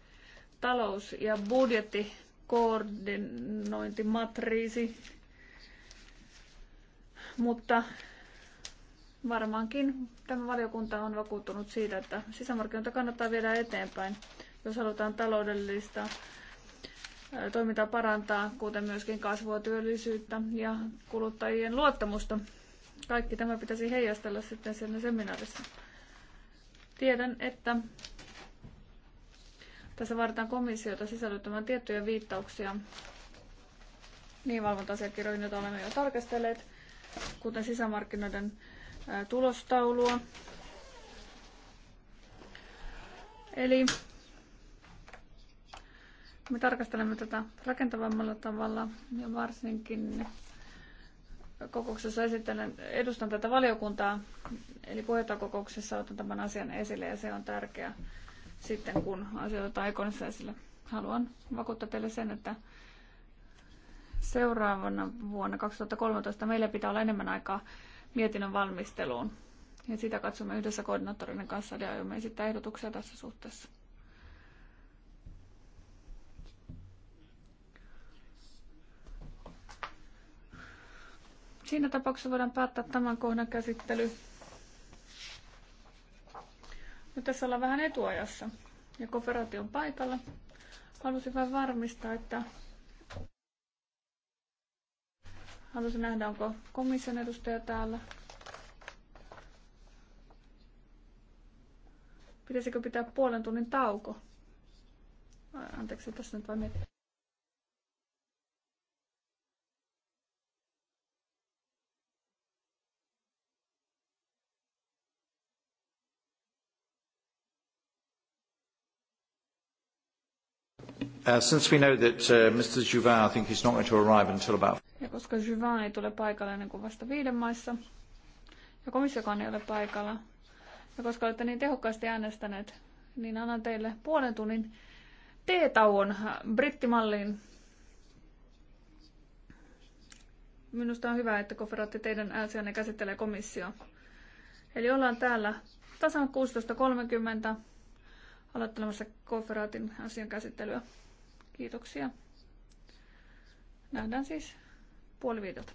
talous- ja budjettikoordinointimatriisi, mutta Varmaankin tämä valiokunta on vakuuttunut siitä, että sisämarkkinoita kannattaa viedä eteenpäin, jos halutaan taloudellista toimintaa parantaa, kuten myöskin kasvua, työllisyyttä ja kuluttajien luottamusta. Kaikki tämä pitäisi heijastella sitten siinä seminaarissa. Tiedän, että tässä vaaditaan komissiota sisällyttämään tiettyjä viittauksia niin valvonta-asiakirjoihin, joita olemme jo tarkastelleet, kuten sisämarkkinoiden tulostaulua. Eli me tarkastelemme tätä rakentavammalla tavalla ja varsinkin kokouksessa esittelen, edustan tätä valiokuntaa, eli puheenjohtajakokouksessa otan tämän asian esille ja se on tärkeä sitten, kun asioita otetaan ekonissa esille. Haluan vakuuttaa teille sen, että seuraavana vuonna 2013 meillä pitää olla enemmän aikaa mietinnön valmisteluun. Ja sitä katsomme yhdessä koordinaattorin kanssa ja aiomme esittää ehdotuksia tässä suhteessa. Siinä tapauksessa voidaan päättää tämän kohdan käsittely. Nyt tässä ollaan vähän etuajassa ja kooperaatio on paikalla. Halusin vain varmistaa, että Haluaisin nähdä, onko komission edustaja täällä. Pitäisikö pitää puolen tunnin tauko? Anteeksi, tässä nyt vain mietin. Uh, since we know that uh, Mr. Juvin, I think, is not going to arrive until about ja koska Juvan ei tule paikalle ennen kuin vasta viiden maissa, ja komissiokaan ei ole paikalla, ja koska olette niin tehokkaasti äänestäneet, niin annan teille puolen tunnin T-tauon brittimalliin. Minusta on hyvä, että koferaatti teidän äänsiänne käsittelee komissio. Eli ollaan täällä tasan 16.30 aloittelemassa koferaatin asian käsittelyä. Kiitoksia. Nähdään siis puoli viideltä.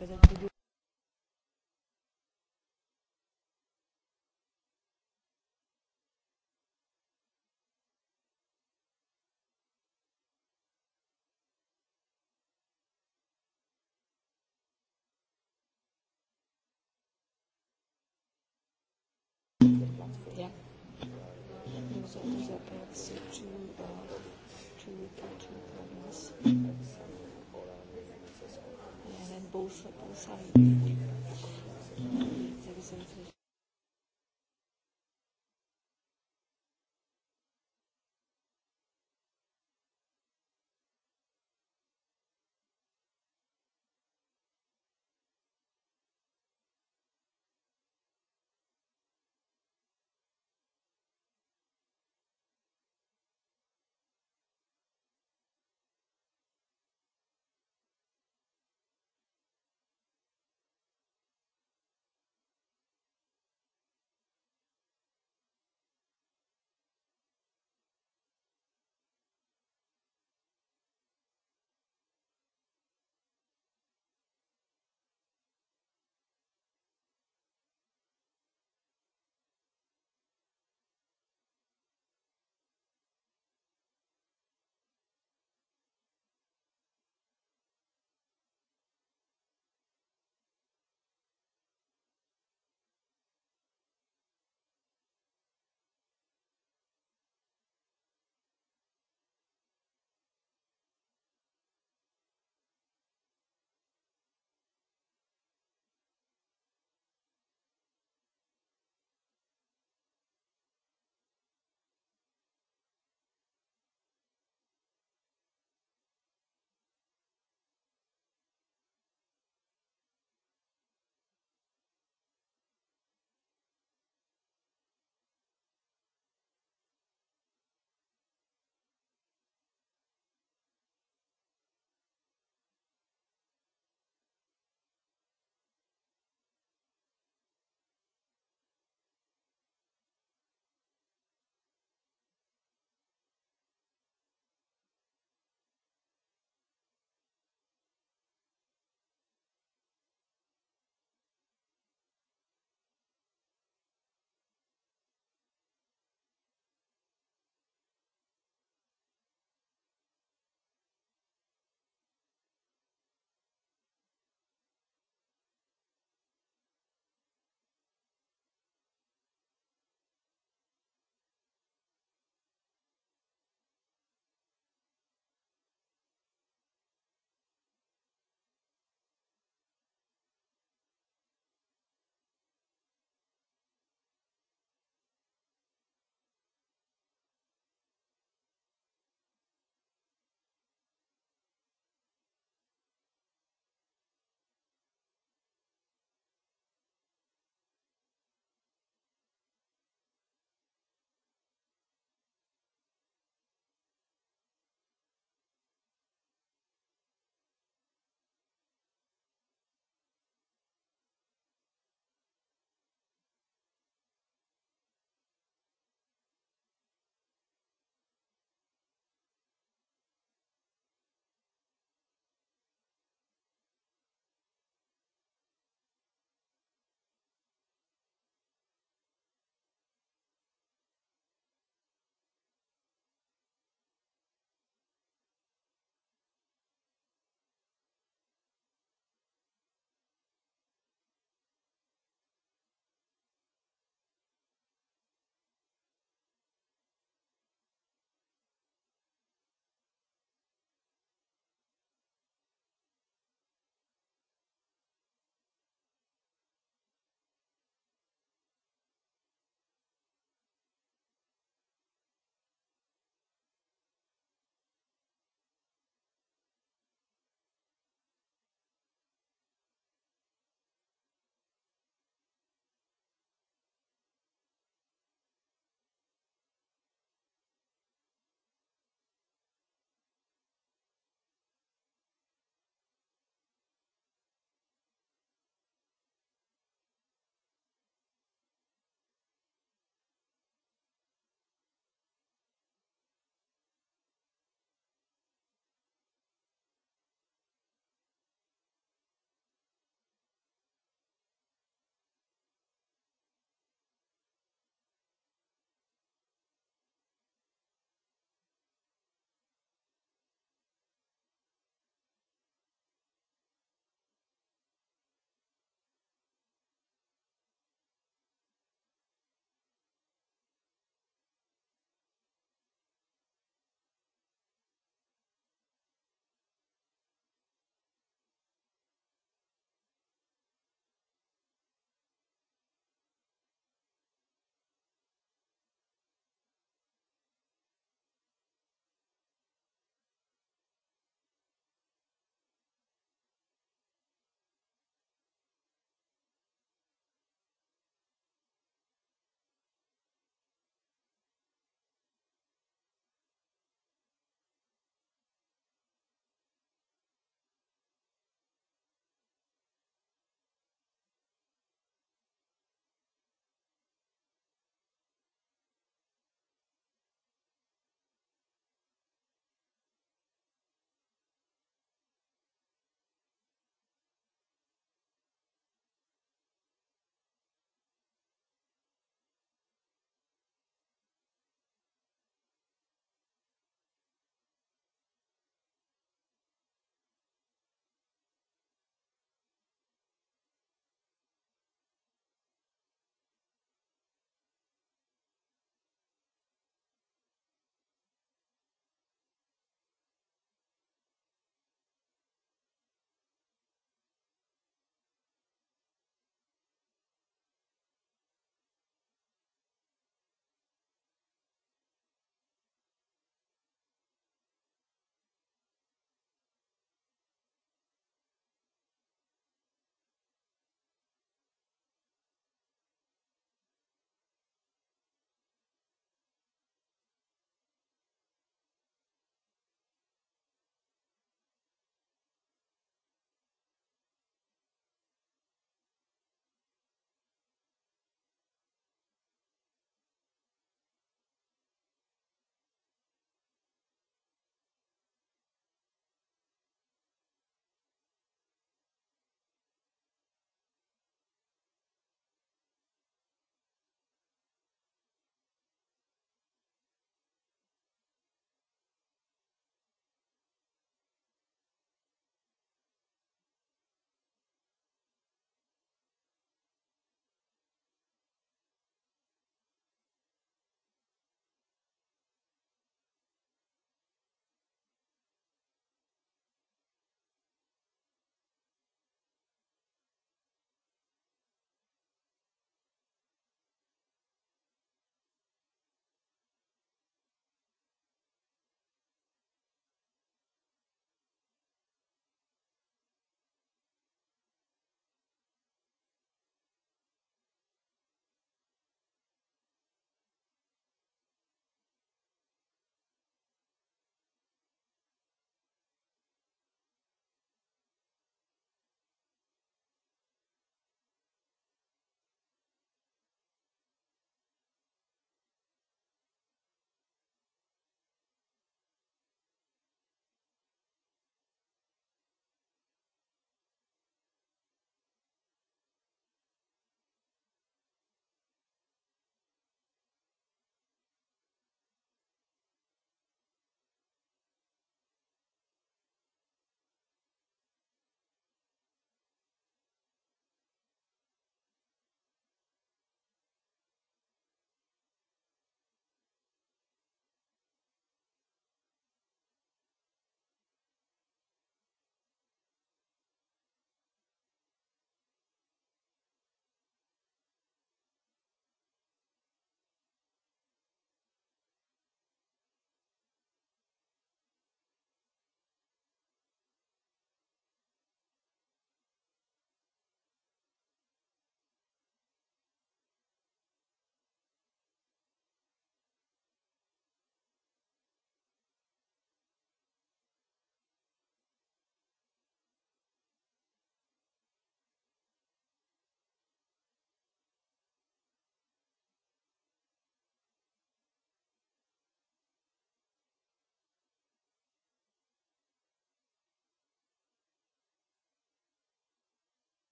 representative uso, usan.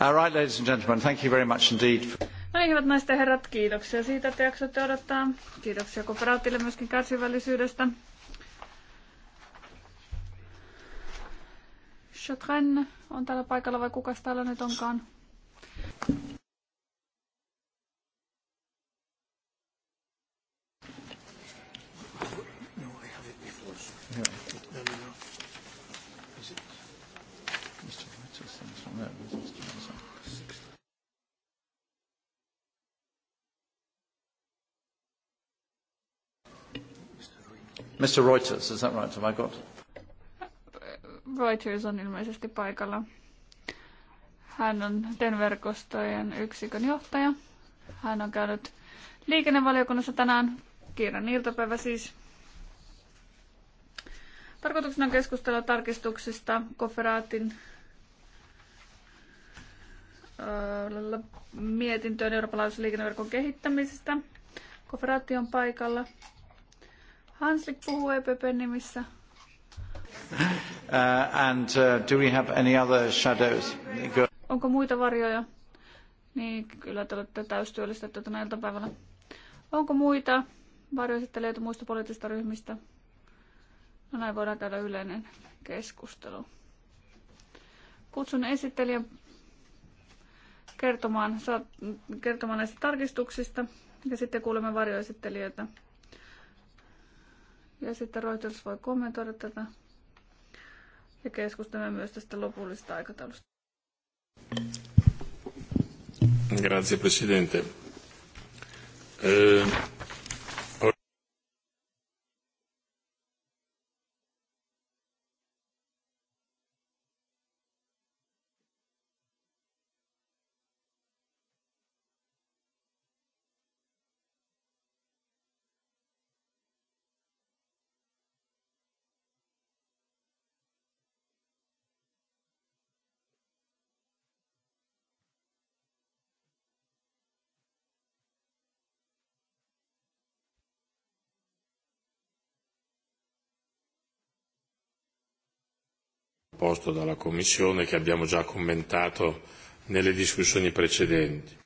All right, ladies and gentlemen, thank you very much indeed. No niin, hyvät naiset ja herrat, kiitoksia siitä, että jaksoitte odottaa. Kiitoksia kooperaatille myöskin kärsivällisyydestä. Chotren on täällä paikalla vai kuka täällä nyt onkaan? Mr. Reuters, is that right? Have I got? Reuters on ilmeisesti paikalla. Hän on TEN verkostojen yksikön johtaja. Hän on käynyt liikennevaliokunnassa tänään, kiiran iltapäivä siis. Tarkoituksena on keskustella tarkistuksista koferaatin öö, äh, mietintöön eurooppalaisen liikenneverkon kehittämisestä. Koferaatti on paikalla. Hanslik puhuu EPPn nimissä. Uh, and uh, do we have any other shadows? Onko muita varjoja? Niin, kyllä te olette täystyöllistetty tänä iltapäivänä. Onko muita varjoesittelijöitä muista poliittisista ryhmistä? No näin voidaan käydä yleinen keskustelu. Kutsun esittelijän kertomaan, kertomaan näistä tarkistuksista ja sitten kuulemme varjoesittelijöitä. Ja sitten Reuters voi kommentoida tätä ja keskustelemme myös tästä lopullisesta aikataulusta. Grazie Presidente. Eh, posto dalla Commissione che abbiamo già commentato nelle discussioni precedenti.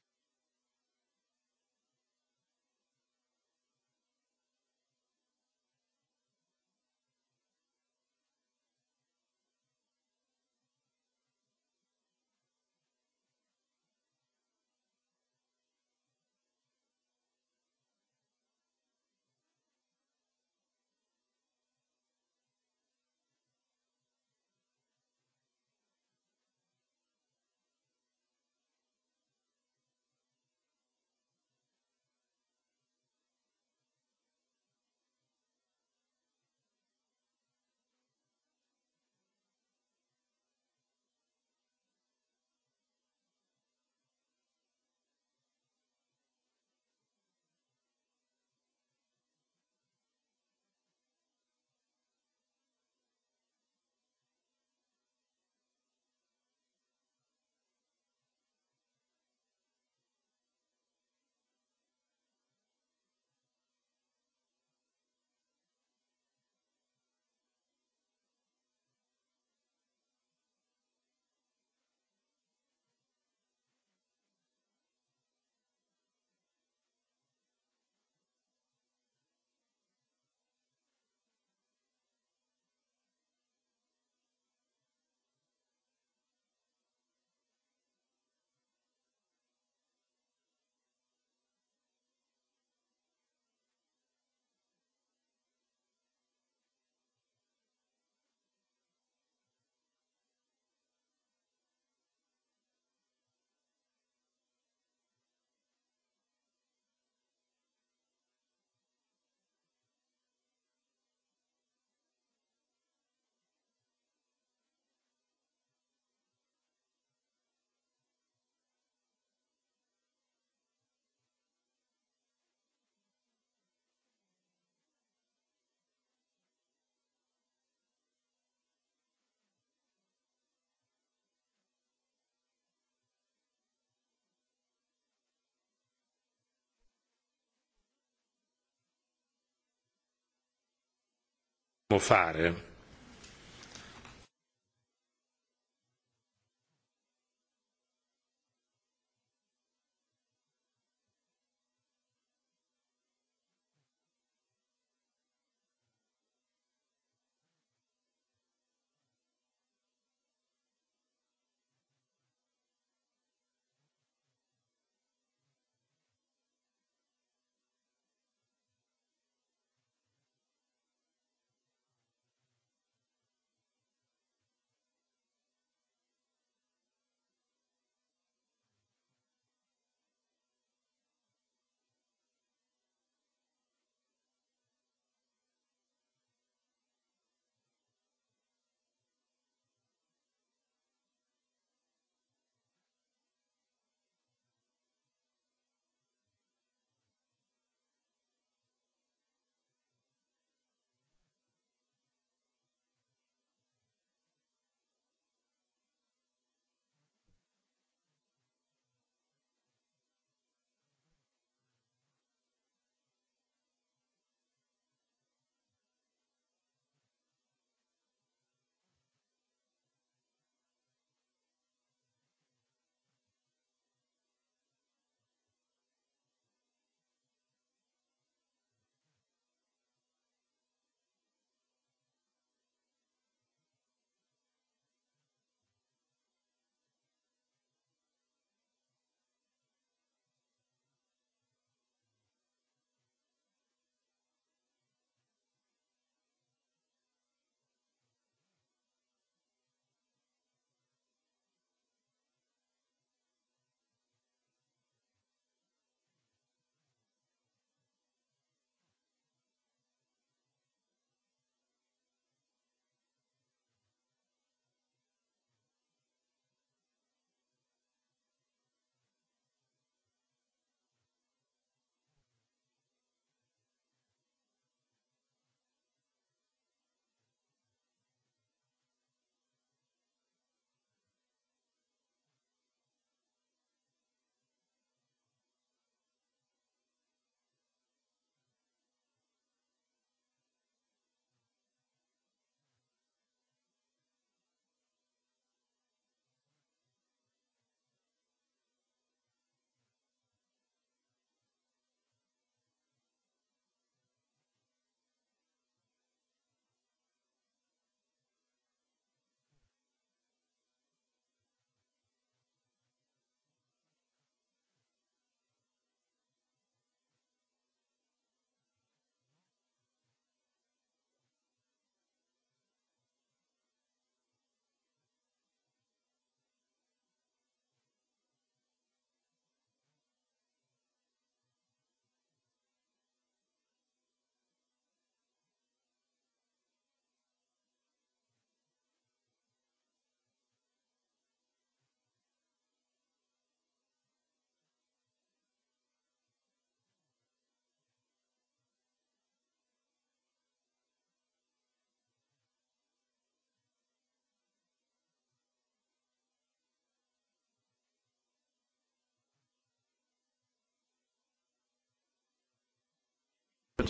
fare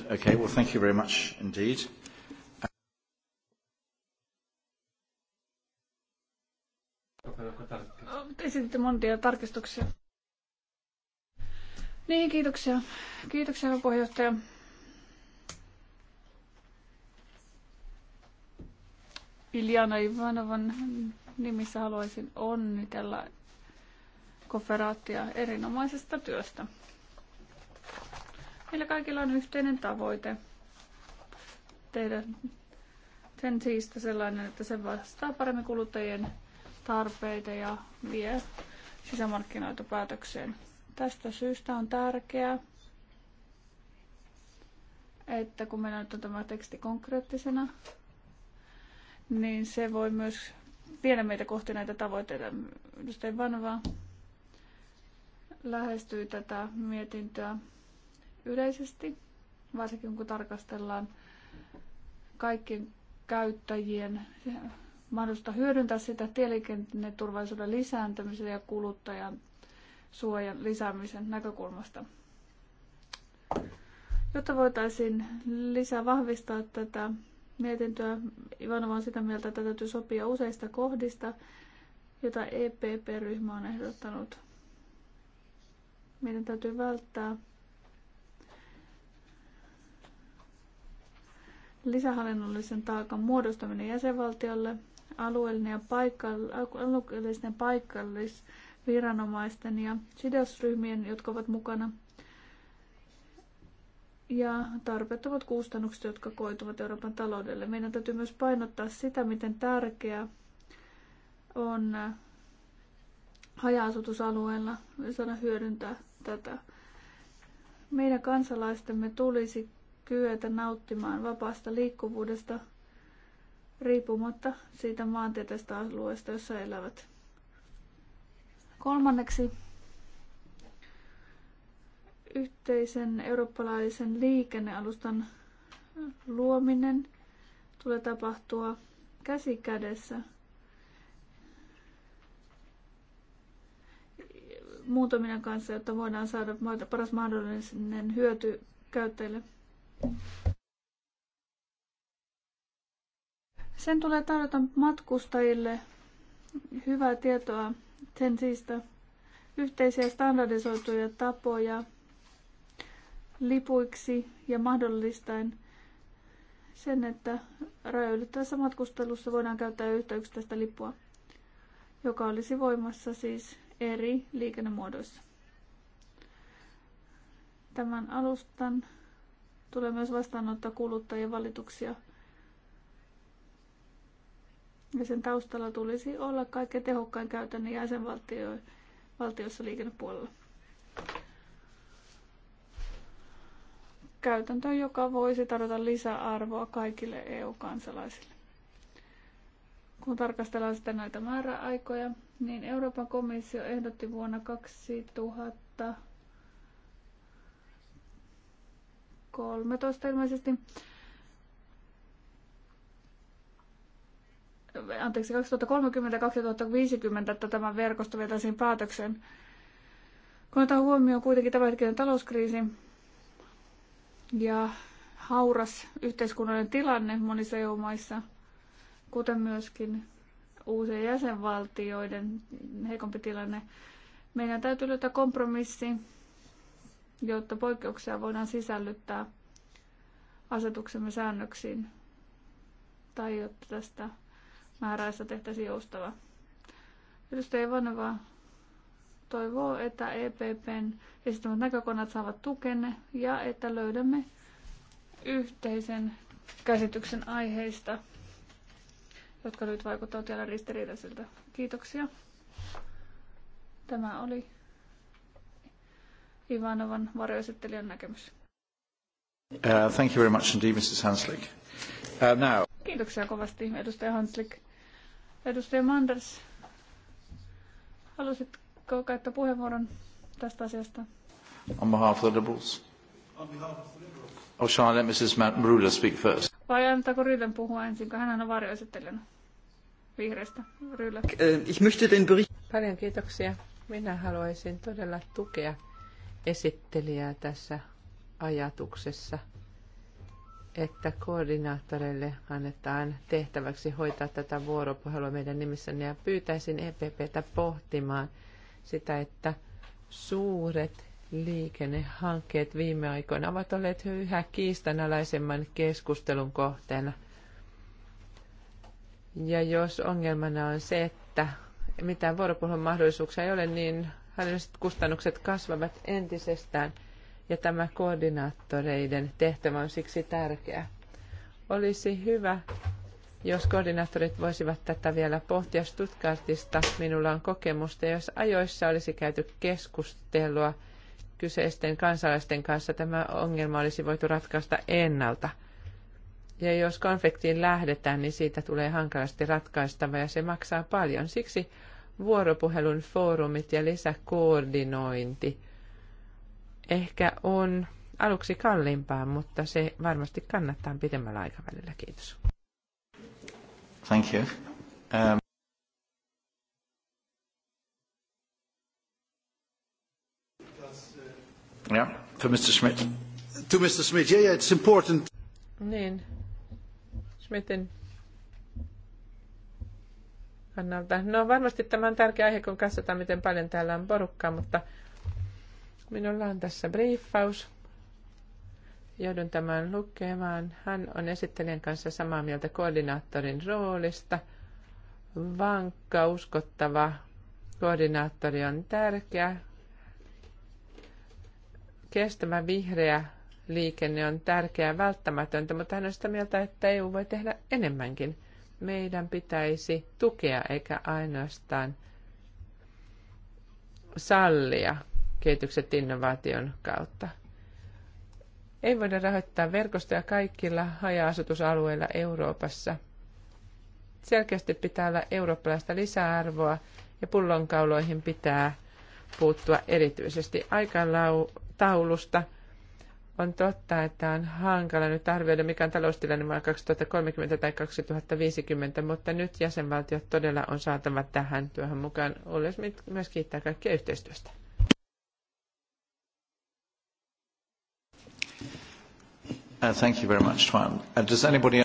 Good. Okay. Well, thank you very much indeed. Esititte monia tarkistuksia. Niin, kiitoksia. Kiitoksia, hyvä puheenjohtaja. Iljana Ivanovan nimissä haluaisin onnitella koferaattia erinomaisesta työstä. Meillä kaikilla on yhteinen tavoite tehdä sen siistä sellainen, että se vastaa paremmin kuluttajien tarpeita ja vie sisämarkkinoita päätökseen. Tästä syystä on tärkeää, että kun me nyt tämä teksti konkreettisena, niin se voi myös viedä meitä kohti näitä tavoitteita. Edustaja Vanva lähestyy tätä mietintöä yleisesti, varsinkin kun tarkastellaan kaikkien käyttäjien mahdollista hyödyntää sitä tieliikenneturvallisuuden lisääntämisen ja kuluttajan suojan lisäämisen näkökulmasta. Jotta voitaisiin lisää vahvistaa tätä mietintöä, Ivanova on sitä mieltä, että täytyy sopia useista kohdista, joita EPP-ryhmä on ehdottanut. Meidän täytyy välttää Lisähallinnollisen taakan muodostaminen jäsenvaltiolle, alueellinen ja paikall- paikallisviranomaisten ja sidosryhmien, jotka ovat mukana, ja tarpeettomat kustannukset, jotka koituvat Euroopan taloudelle. Meidän täytyy myös painottaa sitä, miten tärkeää on haja-asutusalueella saada hyödyntää tätä. Meidän kansalaistemme tulisi kyetä nauttimaan vapaasta liikkuvuudesta riippumatta siitä maantieteestä alueesta, jossa elävät. Kolmanneksi yhteisen eurooppalaisen liikennealustan luominen tulee tapahtua käsi kädessä muutaminen kanssa, jotta voidaan saada paras mahdollinen hyöty käyttäjille. Sen tulee tarjota matkustajille hyvää tietoa siistä yhteisiä standardisoituja tapoja lipuiksi ja mahdollistaen sen, että rajoilyttävässä matkustelussa voidaan käyttää yhtä yksittäistä lippua, joka olisi voimassa siis eri liikennemuodoissa. Tämän alustan tulee myös vastaanottaa kuluttajien valituksia. Ja sen taustalla tulisi olla kaikkein tehokkain käytännön jäsenvaltioissa liikennepuolella. Käytäntö, joka voisi tarjota lisäarvoa kaikille EU-kansalaisille. Kun tarkastellaan sitten näitä määräaikoja, niin Euroopan komissio ehdotti vuonna 2000 13 ilmeisesti. Anteeksi, 2030-2050, että tämä verkosto vietäisiin päätökseen. Kun otetaan huomioon kuitenkin tämänhetkinen talouskriisi ja hauras yhteiskunnallinen tilanne monissa EU-maissa, kuten myöskin uusien jäsenvaltioiden heikompi tilanne, meidän täytyy löytää kompromissi jotta poikkeuksia voidaan sisällyttää asetuksemme säännöksiin tai jotta tästä määräistä tehtäisiin joustava. Edustaja Ivanova toivoo, että EPPn esittämät näkökannat saavat tukenne ja että löydämme yhteisen käsityksen aiheista, jotka nyt vaikuttavat vielä ristiriitaisilta. Kiitoksia. Tämä oli Ivanovan varjoesittelijän näkemys. Uh, thank you very much indeed, Mrs. Hanslik. Uh, now. Kiitoksia kovasti, edustaja Hanslik. Edustaja Manders, halusitko käyttää puheenvuoron tästä asiasta? On behalf of the Liberals. On behalf of the Liberals. Or oh, shall I let Mrs. Marula speak first? Vai antaako Rylen puhua ensin, kun hän on varjoesittelijänä vihreistä? Ryle. Äh, ich möchte den Bericht... Paljon kiitoksia. Minä haluaisin todella tukea esittelijää tässä ajatuksessa, että koordinaattoreille annetaan tehtäväksi hoitaa tätä vuoropuhelua meidän nimissämme ja pyytäisin EPPtä pohtimaan sitä, että suuret liikennehankkeet viime aikoina ovat olleet yhä kiistanalaisemman keskustelun kohteena. Ja jos ongelmana on se, että mitään vuoropuhelun mahdollisuuksia ei ole, niin hallinnolliset kustannukset kasvavat entisestään ja tämä koordinaattoreiden tehtävä on siksi tärkeä. Olisi hyvä, jos koordinaattorit voisivat tätä vielä pohtia Stuttgartista. Minulla on kokemusta, jos ajoissa olisi käyty keskustelua kyseisten kansalaisten kanssa, tämä ongelma olisi voitu ratkaista ennalta. Ja jos konfliktiin lähdetään, niin siitä tulee hankalasti ratkaistava ja se maksaa paljon. Siksi vuoropuhelun foorumit ja lisäkoordinointi ehkä on aluksi kalliimpaa, mutta se varmasti kannattaa pidemmällä aikavälillä. Kiitos. Thank you. Um... Yeah, to Mr. Schmidt. To Mr. Schmidt, yeah, yeah, it's important. Niin, Schmidtin kannalta. No varmasti tämä on tärkeä aihe, kun katsotaan, miten paljon täällä on porukkaa, mutta minulla on tässä briefaus. Joudun tämän lukemaan. Hän on esittelijän kanssa samaa mieltä koordinaattorin roolista. Vankka, uskottava koordinaattori on tärkeä. Kestävä vihreä liikenne on tärkeää välttämätöntä, mutta hän on sitä mieltä, että EU voi tehdä enemmänkin – meidän pitäisi tukea eikä ainoastaan sallia kehitykset innovaation kautta. Ei voida rahoittaa verkostoja kaikilla haja-asutusalueilla Euroopassa. Selkeästi pitää olla eurooppalaista lisäarvoa ja pullonkauloihin pitää puuttua erityisesti aikataulusta – on totta, että on hankala nyt arvioida, mikä on taloustilanne vuonna 2030 tai 2050, mutta nyt jäsenvaltiot todella on saatava tähän työhön mukaan. Olisi myös kiittää kaikkia yhteistyöstä. Uh, thank you very much, Twan. Uh, does anybody...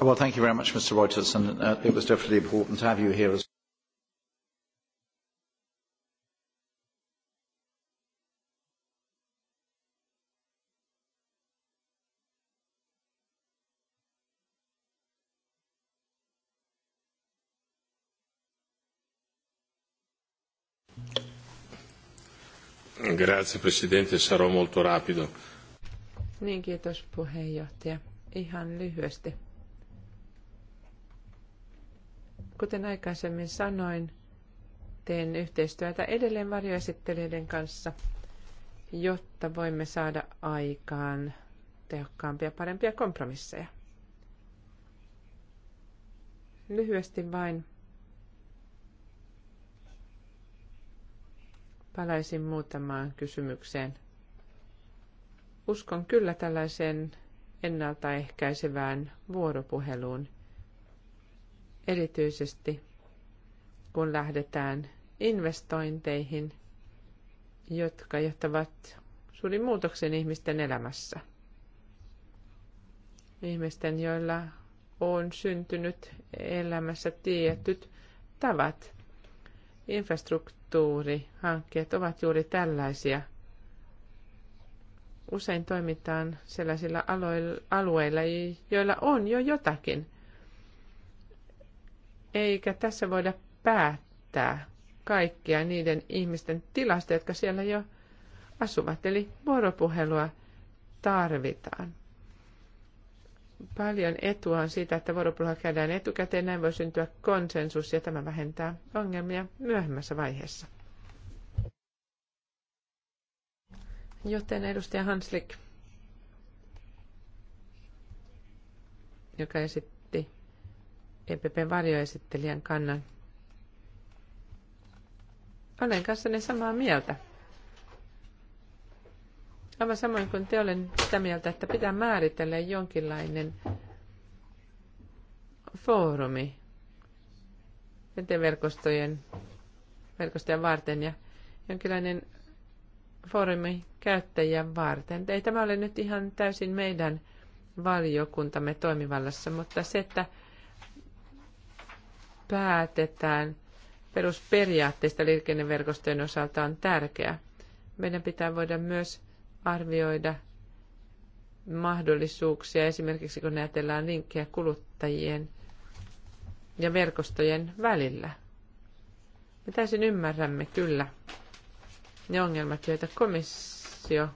Well, thank you very much, Mr. Reuters, and uh, it was definitely important to have you here as Grazie Presidente, sarò molto rapido. Niin, kiitos puheenjohtaja. Ihan lyhyesti. Kuten aikaisemmin sanoin, teen yhteistyötä edelleen varjoesittelijöiden kanssa, jotta voimme saada aikaan tehokkaampia, parempia kompromisseja. Lyhyesti vain palaisin muutamaan kysymykseen. Uskon kyllä tällaiseen ennaltaehkäisevään vuoropuheluun erityisesti kun lähdetään investointeihin, jotka johtavat suurin muutoksen ihmisten elämässä. Ihmisten, joilla on syntynyt elämässä tietyt tavat. Infrastruktuurihankkeet ovat juuri tällaisia. Usein toimitaan sellaisilla alueilla, joilla on jo jotakin – eikä tässä voida päättää kaikkia niiden ihmisten tilasta, jotka siellä jo asuvat. Eli vuoropuhelua tarvitaan. Paljon etua on siitä, että vuoropuhelua käydään etukäteen, näin voi syntyä konsensus ja tämä vähentää ongelmia myöhemmässä vaiheessa. Joten edustaja Hanslik, joka esittää EPPn varjoesittelijän kannan. Olen kanssani samaa mieltä. Aivan samoin kuin te olen sitä mieltä, että pitää määritellä jonkinlainen foorumi verkostojen, verkostojen varten ja jonkinlainen foorumi käyttäjiä varten. Ei tämä ole nyt ihan täysin meidän valiokuntamme toimivallassa, mutta se, että päätetään perusperiaatteista liikenneverkostojen osalta on tärkeä. Meidän pitää voida myös arvioida mahdollisuuksia, esimerkiksi kun ajatellaan linkkejä kuluttajien ja verkostojen välillä. Me täysin ymmärrämme kyllä ne ongelmat, joita komissio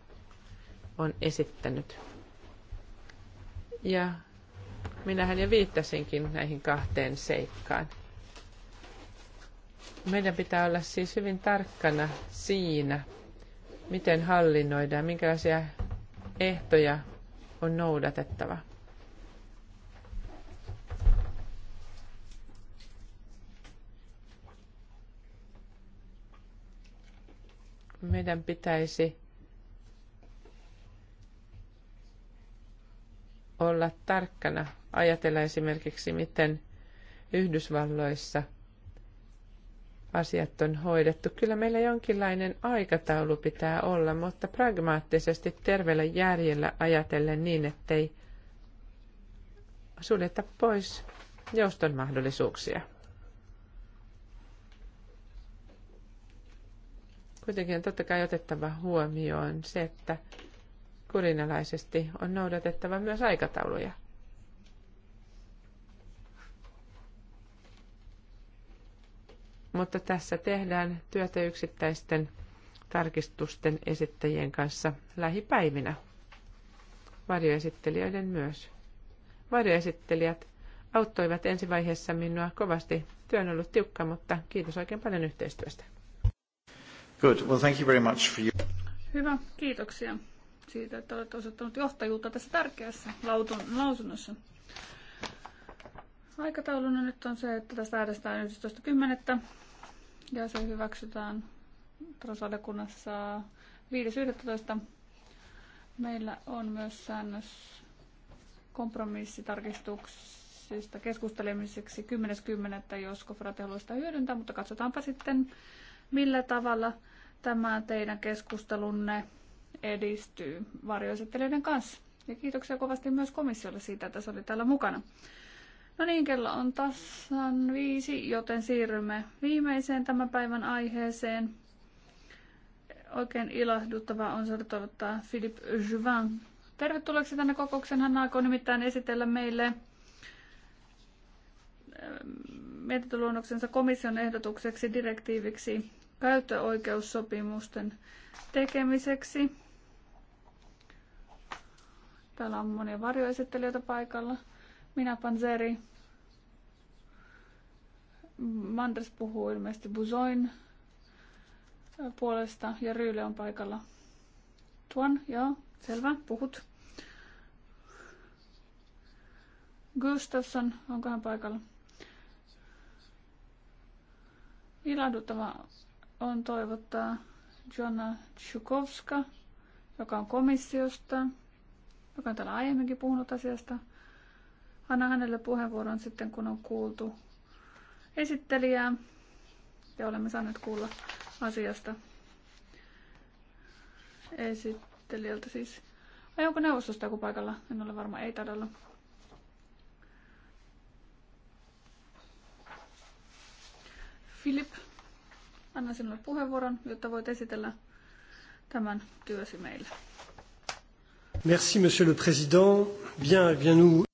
on esittänyt. Ja minähän jo viittasinkin näihin kahteen seikkaan – meidän pitää olla siis hyvin tarkkana siinä, miten hallinnoidaan, minkälaisia ehtoja on noudatettava. Meidän pitäisi olla tarkkana. Ajatella esimerkiksi, miten Yhdysvalloissa – asiat on hoidettu. Kyllä meillä jonkinlainen aikataulu pitää olla, mutta pragmaattisesti terveellä järjellä ajatellen niin, ettei suljeta pois jouston mahdollisuuksia. Kuitenkin on totta kai otettava huomioon se, että kurinalaisesti on noudatettava myös aikatauluja. Mutta tässä tehdään työtä yksittäisten tarkistusten esittäjien kanssa lähipäivinä. Varjoesittelijöiden myös. Varjoesittelijät auttoivat ensivaiheessa minua kovasti. Työ on ollut tiukka, mutta kiitos oikein paljon yhteistyöstä. Good. Well, thank you very much for you. Hyvä, kiitoksia siitä, että olet osoittanut johtajuutta tässä tärkeässä lausunnossa. Aikataulun nyt on se, että tästä äänestetään 11.10 ja se hyväksytään talousvaliokunnassa 5.11. Meillä on myös säännös kompromissitarkistuksista keskustelemiseksi 10.10. jos Kofrate haluaa sitä hyödyntää, mutta katsotaanpa sitten millä tavalla tämä teidän keskustelunne edistyy varjoesittelijöiden kanssa. Ja kiitoksia kovasti myös komissiolle siitä, että se oli täällä mukana. No niin, kello on tasan viisi, joten siirrymme viimeiseen tämän päivän aiheeseen. Oikein ilahduttavaa on saada toivottaa Philippe Juvin. Tervetulleeksi tänne kokoukseen. Hän alkoi nimittäin esitellä meille ähm, mietintöluonnoksensa komission ehdotukseksi direktiiviksi käyttöoikeussopimusten tekemiseksi. Täällä on monia varjoesittelijöitä paikalla. Minä Panzeri Manders puhuu ilmeisesti Buzoin puolesta ja Ryyle on paikalla. Tuon, joo, selvä, puhut. Gustafsson, onko hän paikalla? Ilahduttava on toivottaa Joanna Tchukovska, joka on komissiosta, joka on täällä aiemminkin puhunut asiasta. Anna hänelle puheenvuoron sitten, kun on kuultu esittelijää ja olemme saaneet kuulla asiasta esittelijältä siis. Ai onko neuvostosta joku paikalla? En ole varma, ei taida olla. Filip, annan sinulle puheenvuoron, jotta voit esitellä tämän työsi meille. Merci, monsieur le président. Bien, bien nous...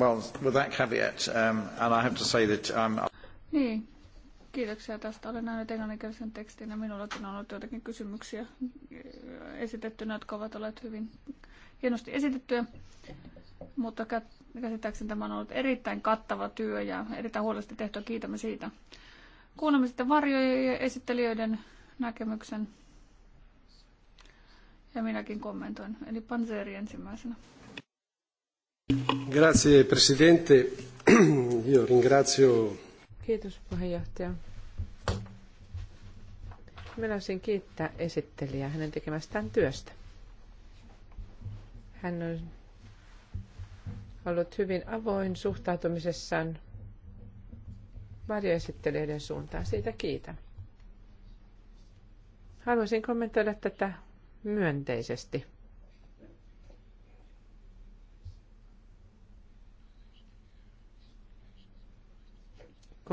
Well, with that caveat, um, and I have to say that I'm... Um, niin, kiitoksia tästä. Olen nähnyt englanninkielisen tekstin ja minullakin on ollut joitakin kysymyksiä äh, esitettynä, jotka ovat olleet hyvin hienosti esitettyjä. Mutta käsittääkseni tämä on ollut erittäin kattava työ ja erittäin huolellisesti tehtyä. Kiitämme siitä. Kuulemme sitten varjojen ja esittelijöiden näkemyksen. Ja minäkin kommentoin. Eli panseeri ensimmäisenä. Grazie Presidente. *clears throat* Io ringrazio... Kiitos puheenjohtaja. Minä olisin kiittää esittelijää hänen tekemästään työstä. Hän on ollut hyvin avoin suhtautumisessaan varjoesittelijöiden suuntaan. Siitä kiitän. Haluaisin kommentoida tätä myönteisesti.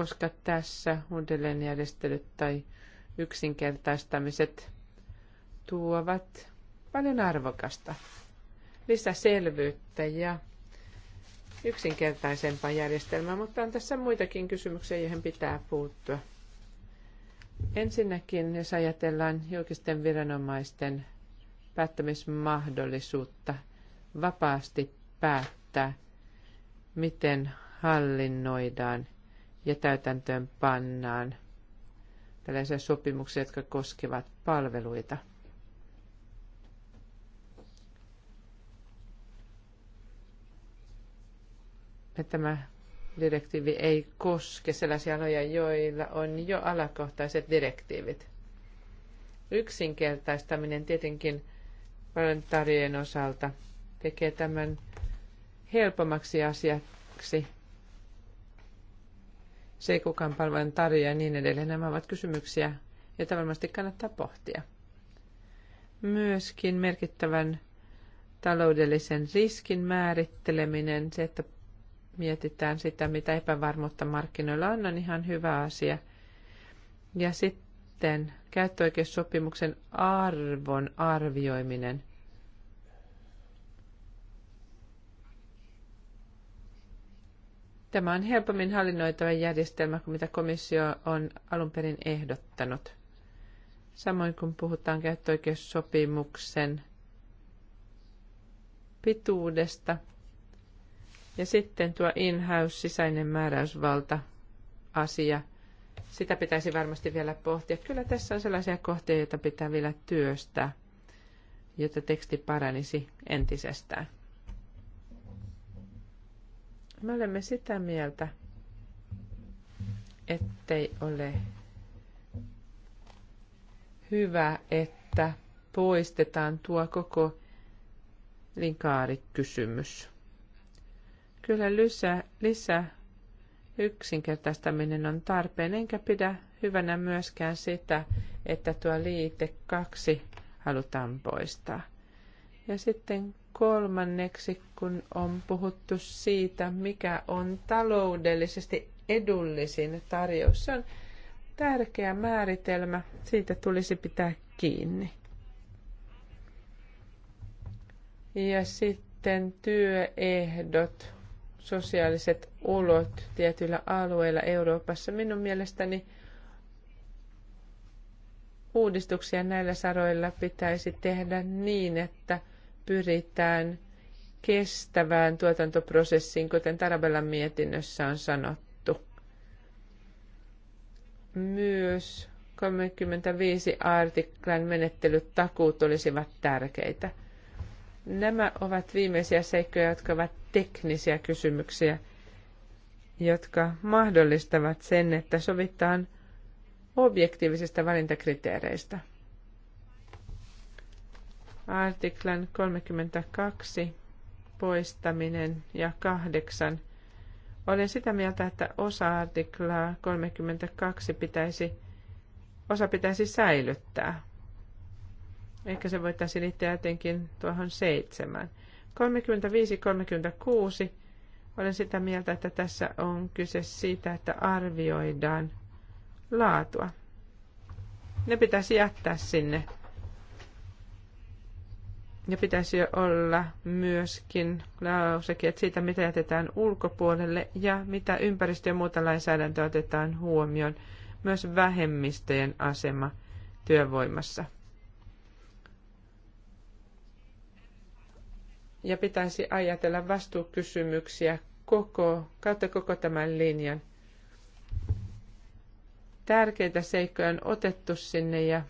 koska tässä uudelleenjärjestelyt tai yksinkertaistamiset tuovat paljon arvokasta lisäselvyyttä ja yksinkertaisempaa järjestelmää, mutta on tässä muitakin kysymyksiä, joihin pitää puuttua. Ensinnäkin, jos ajatellaan julkisten viranomaisten päättämismahdollisuutta vapaasti päättää, miten hallinnoidaan ja täytäntöön pannaan tällaisia sopimuksia, jotka koskevat palveluita. Ja tämä direktiivi ei koske sellaisia aloja, joilla on jo alakohtaiset direktiivit. Yksinkertaistaminen tietenkin voluntarien osalta tekee tämän helpommaksi asiaksi se ei kukaan ja niin edelleen. Nämä ovat kysymyksiä, joita varmasti kannattaa pohtia. Myöskin merkittävän taloudellisen riskin määritteleminen, se, että mietitään sitä, mitä epävarmuutta markkinoilla on, on ihan hyvä asia. Ja sitten käyttöoikeussopimuksen arvon arvioiminen. Tämä on helpommin hallinnoitava järjestelmä kuin mitä komissio on alun perin ehdottanut. Samoin kun puhutaan käyttöoikeussopimuksen pituudesta ja sitten tuo in-house sisäinen määräysvalta asia. Sitä pitäisi varmasti vielä pohtia. Kyllä tässä on sellaisia kohtia, joita pitää vielä työstää, jotta teksti paranisi entisestään. Me olemme sitä mieltä, ettei ole hyvä, että poistetaan tuo koko linkaarikysymys. Kyllä lisä, lisä yksinkertaistaminen on tarpeen, enkä pidä hyvänä myöskään sitä, että tuo liite kaksi halutaan poistaa. Ja sitten kolmanneksi, kun on puhuttu siitä, mikä on taloudellisesti edullisin tarjous. Se on tärkeä määritelmä, siitä tulisi pitää kiinni. Ja sitten työehdot, sosiaaliset olot tietyillä alueilla Euroopassa. Minun mielestäni uudistuksia näillä saroilla pitäisi tehdä niin, että – pyritään kestävään tuotantoprosessiin, kuten Tarabellan mietinnössä on sanottu. Myös 35 artiklan menettelyt takuut olisivat tärkeitä. Nämä ovat viimeisiä seikkoja, jotka ovat teknisiä kysymyksiä, jotka mahdollistavat sen, että sovitaan objektiivisista valintakriteereistä – artiklan 32 poistaminen ja kahdeksan. Olen sitä mieltä, että osa artiklaa 32 pitäisi, osa pitäisi säilyttää. Ehkä se voitaisiin liittää jotenkin tuohon seitsemään. 35-36 olen sitä mieltä, että tässä on kyse siitä, että arvioidaan laatua. Ne pitäisi jättää sinne ja pitäisi olla myöskin lauseke siitä, mitä jätetään ulkopuolelle ja mitä ympäristö- ja muuta lainsäädäntöä otetaan huomioon. Myös vähemmistöjen asema työvoimassa. Ja pitäisi ajatella vastuukysymyksiä koko, kautta koko tämän linjan. Tärkeitä seikkoja on otettu sinne ja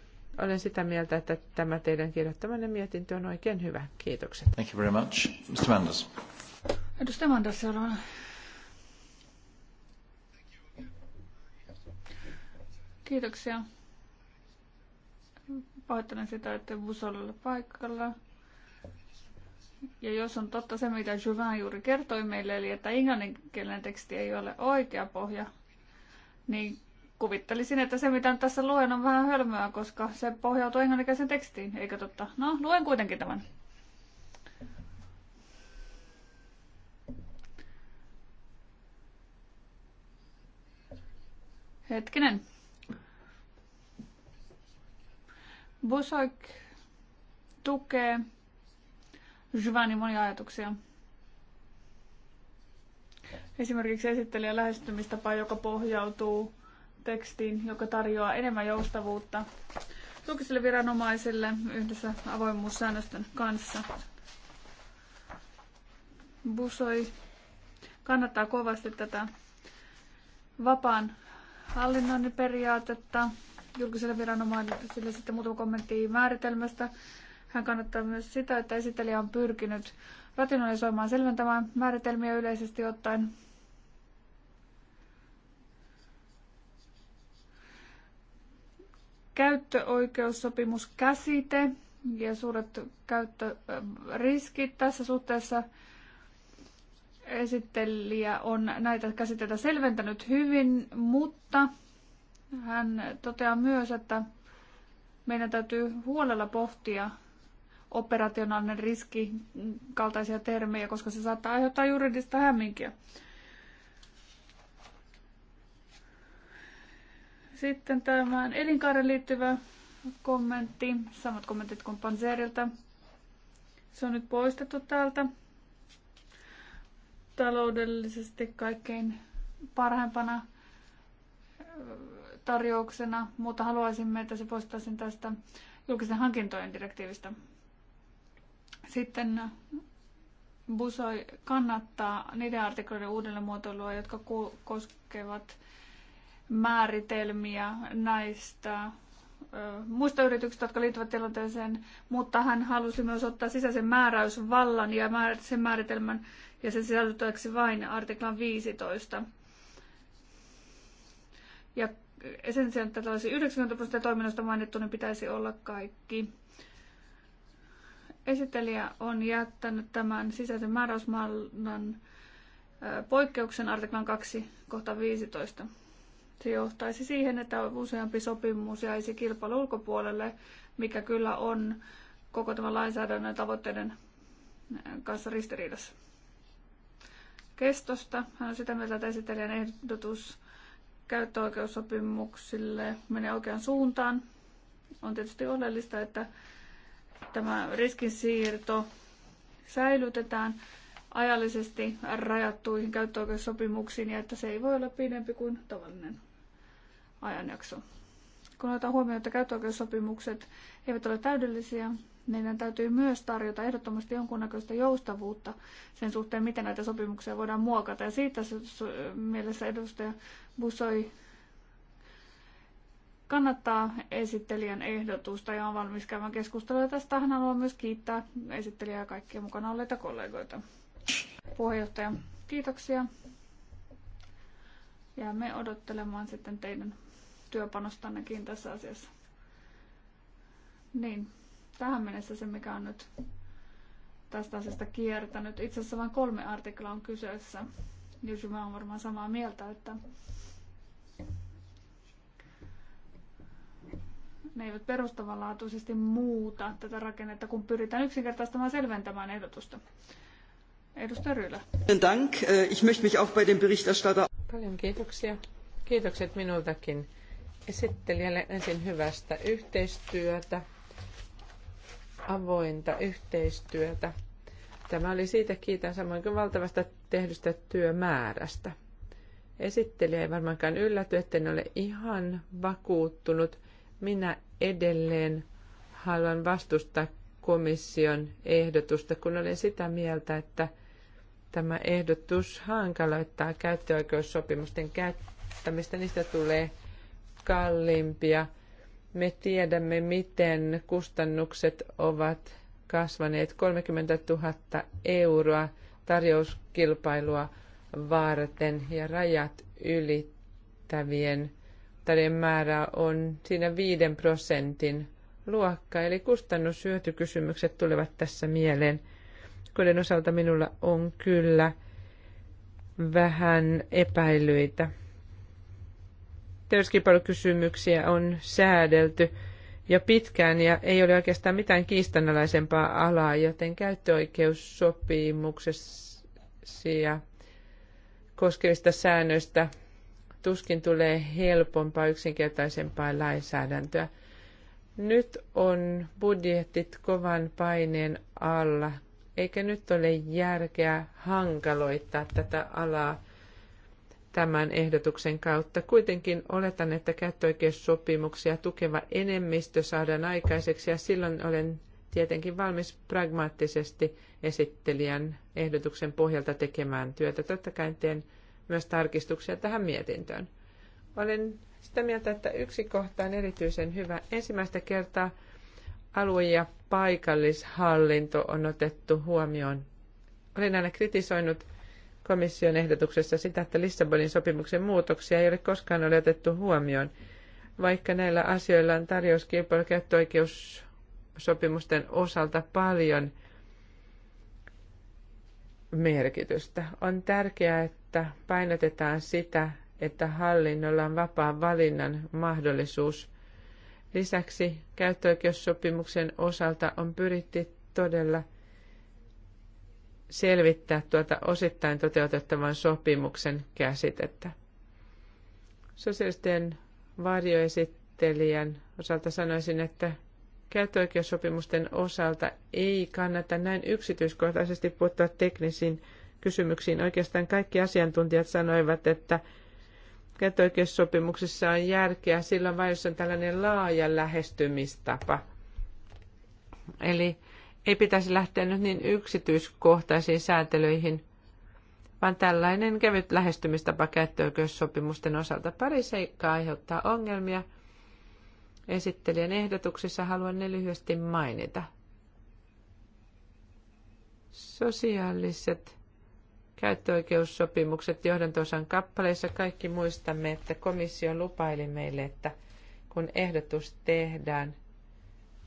olen sitä mieltä, että tämä teidän kirjoittamanne mietintö on oikein hyvä. Kiitokset. Thank you very much. Mr. Manders. Edustaja Manders, seuraava. Kiitoksia. Pahoittelen sitä, että Bus on paikalla. Ja jos on totta se, mitä Juvain juuri kertoi meille, eli että englanninkielinen teksti ei ole oikea pohja, niin kuvittelisin, että se mitä tässä luen on vähän hölmöä, koska se pohjautuu englanninkäisen tekstiin, eikö totta? No, luen kuitenkin tämän. Hetkinen. Busoik tukee Jvani monia ajatuksia. Esimerkiksi esittelijä lähestymistapa, joka pohjautuu tekstiin, joka tarjoaa enemmän joustavuutta julkisille viranomaisille yhdessä avoimuussäännösten kanssa. Busoi kannattaa kovasti tätä vapaan hallinnon periaatetta julkiselle viranomaisille sitten muutama kommentti määritelmästä. Hän kannattaa myös sitä, että esittelijä on pyrkinyt rationalisoimaan selventämään määritelmiä yleisesti ottaen käyttöoikeussopimuskäsite ja suuret käyttöriskit tässä suhteessa. Esittelijä on näitä käsitteitä selventänyt hyvin, mutta hän toteaa myös, että meidän täytyy huolella pohtia operationaalinen riski kaltaisia termejä, koska se saattaa aiheuttaa juridista hämminkiä. Sitten tämä elinkaaren liittyvä kommentti, samat kommentit kuin Panzerilta. Se on nyt poistettu täältä. Taloudellisesti kaikkein parhaimpana tarjouksena, mutta haluaisimme, että se poistaisin tästä julkisen hankintojen direktiivistä. Sitten Busoi kannattaa niiden artikloiden uudelleenmuotoilua, jotka koskevat määritelmiä näistä muista yrityksistä, jotka liittyvät tilanteeseen, mutta hän halusi myös ottaa sisäisen määräysvallan ja sen määritelmän ja sen sisällyttäväksi vain artiklan 15. Ja sen sijaan, että olisi 90 prosenttia toiminnasta mainittu, niin pitäisi olla kaikki. Esittelijä on jättänyt tämän sisäisen määräysmallan poikkeuksen artiklan 2 kohta 15. Se johtaisi siihen, että useampi sopimus jäisi kilpailu ulkopuolelle, mikä kyllä on koko tämän lainsäädännön tavoitteiden äh, kanssa ristiriidassa. Kestosta. Hän on sitä mieltä, että esittelijän ehdotus käyttöoikeussopimuksille menee oikeaan suuntaan. On tietysti oleellista, että tämä riskinsiirto säilytetään ajallisesti rajattuihin käyttöoikeussopimuksiin ja että se ei voi olla pidempi kuin tavallinen ajanjakso. Kun otetaan huomioon, että käyttöoikeussopimukset eivät ole täydellisiä, meidän täytyy myös tarjota ehdottomasti jonkunnäköistä joustavuutta sen suhteen, miten näitä sopimuksia voidaan muokata. Ja siitä mielessä edustaja Busoi kannattaa esittelijän ehdotusta ja on valmis käymään keskustelua. Tästä haluan myös kiittää esittelijää ja kaikkia mukana olleita kollegoita. Puheenjohtaja, kiitoksia. Jäämme odottelemaan sitten teidän työpanostannekin tässä asiassa. Niin, tähän mennessä se mikä on nyt tästä asiasta kiertänyt. Itse asiassa vain kolme artiklaa on kyseessä. mä oon varmaan samaa mieltä, että ne eivät perustavanlaatuisesti muuta tätä rakennetta, kun pyritään yksinkertaistamaan selventämään ehdotusta. Edustaja Ryylä. Dank. Äh, ich möchte mich auch bei dem Berichterstatter... Paljon kiitoksia. Kiitokset minultakin esittelijälle ensin hyvästä yhteistyötä, avointa yhteistyötä. Tämä oli siitä kiitän samoin kuin valtavasta tehdystä työmäärästä. Esittelijä ei varmaankaan ylläty, etten ole ihan vakuuttunut. Minä edelleen haluan vastustaa komission ehdotusta, kun olen sitä mieltä, että tämä ehdotus hankaloittaa käyttöoikeussopimusten käyttämistä. Niistä tulee kalliimpia. Me tiedämme, miten kustannukset ovat kasvaneet 30 000 euroa tarjouskilpailua varten ja rajat ylittävien tarjojen määrä on siinä 5 prosentin luokka, eli kustannushyötykysymykset tulevat tässä mieleen, kuten osalta minulla on kyllä vähän epäilyitä Terveyskilpailukysymyksiä on säädelty jo pitkään ja ei ole oikeastaan mitään kiistanalaisempaa alaa, joten käyttöoikeussopimuksia koskevista säännöistä tuskin tulee helpompaa, yksinkertaisempaa lainsäädäntöä. Nyt on budjetit kovan paineen alla, eikä nyt ole järkeä hankaloittaa tätä alaa tämän ehdotuksen kautta. Kuitenkin oletan, että käyttöoikeussopimuksia tukeva enemmistö saadaan aikaiseksi ja silloin olen tietenkin valmis pragmaattisesti esittelijän ehdotuksen pohjalta tekemään työtä. Totta kai teen myös tarkistuksia tähän mietintöön. Olen sitä mieltä, että yksi kohta on erityisen hyvä. Ensimmäistä kertaa alue- ja paikallishallinto on otettu huomioon. Olen aina kritisoinut komission ehdotuksessa sitä, että Lissabonin sopimuksen muutoksia ei ole koskaan ole otettu huomioon, vaikka näillä asioilla on tarjouskilpailu- sopimusten osalta paljon merkitystä. On tärkeää, että painotetaan sitä, että hallinnolla on vapaan valinnan mahdollisuus. Lisäksi käyttöoikeussopimuksen osalta on pyritty todella – selvittää tuota osittain toteutettavan sopimuksen käsitettä. Sosiaalisten varjoesittelijän osalta sanoisin, että käyttöoikeussopimusten osalta ei kannata näin yksityiskohtaisesti puuttua teknisiin kysymyksiin. Oikeastaan kaikki asiantuntijat sanoivat, että käyttöoikeussopimuksissa on järkeä silloin vain, jos on tällainen laaja lähestymistapa. Eli ei pitäisi lähteä nyt niin yksityiskohtaisiin säätelyihin, vaan tällainen kevyt lähestymistapa käyttöoikeussopimusten osalta pari seikkaa aiheuttaa ongelmia. Esittelijän ehdotuksissa haluan ne lyhyesti mainita. Sosiaaliset käyttöoikeussopimukset johdantosan kappaleissa kaikki muistamme, että komissio lupaili meille, että kun ehdotus tehdään –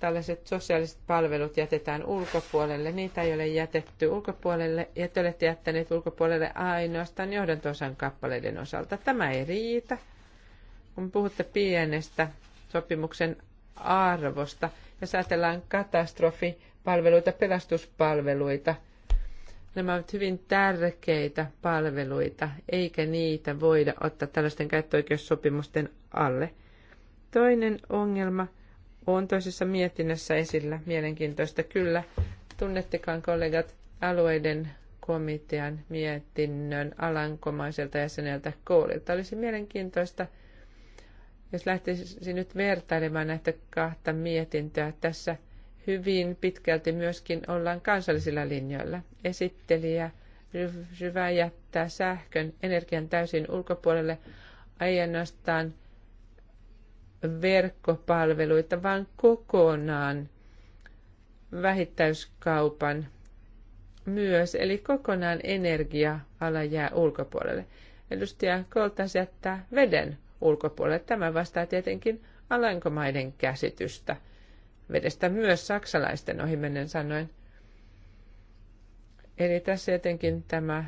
tällaiset sosiaaliset palvelut jätetään ulkopuolelle. Niitä ei ole jätetty ulkopuolelle ja te olette jättäneet ulkopuolelle ainoastaan johdantosan kappaleiden osalta. Tämä ei riitä. Kun puhutte pienestä sopimuksen arvosta ja säätellään katastrofipalveluita, pelastuspalveluita, nämä ovat hyvin tärkeitä palveluita, eikä niitä voida ottaa tällaisten käyttöoikeussopimusten alle. Toinen ongelma – on toisessa mietinnössä esillä. Mielenkiintoista kyllä. Tunnettekaan kollegat alueiden komitean mietinnön alankomaiselta jäseneltä koolilta. Olisi mielenkiintoista, jos lähtisi nyt vertailemaan näitä kahta mietintöä. Tässä hyvin pitkälti myöskin ollaan kansallisilla linjoilla. Esittelijä hyvä jättää sähkön energian täysin ulkopuolelle, ei ainoastaan – verkkopalveluita, vaan kokonaan vähittäiskaupan myös, eli kokonaan energia-ala jää ulkopuolelle. Edustaja Koltas jättää veden ulkopuolelle. Tämä vastaa tietenkin alankomaiden käsitystä vedestä myös saksalaisten ohimennen sanoen. Eli tässä jotenkin tämä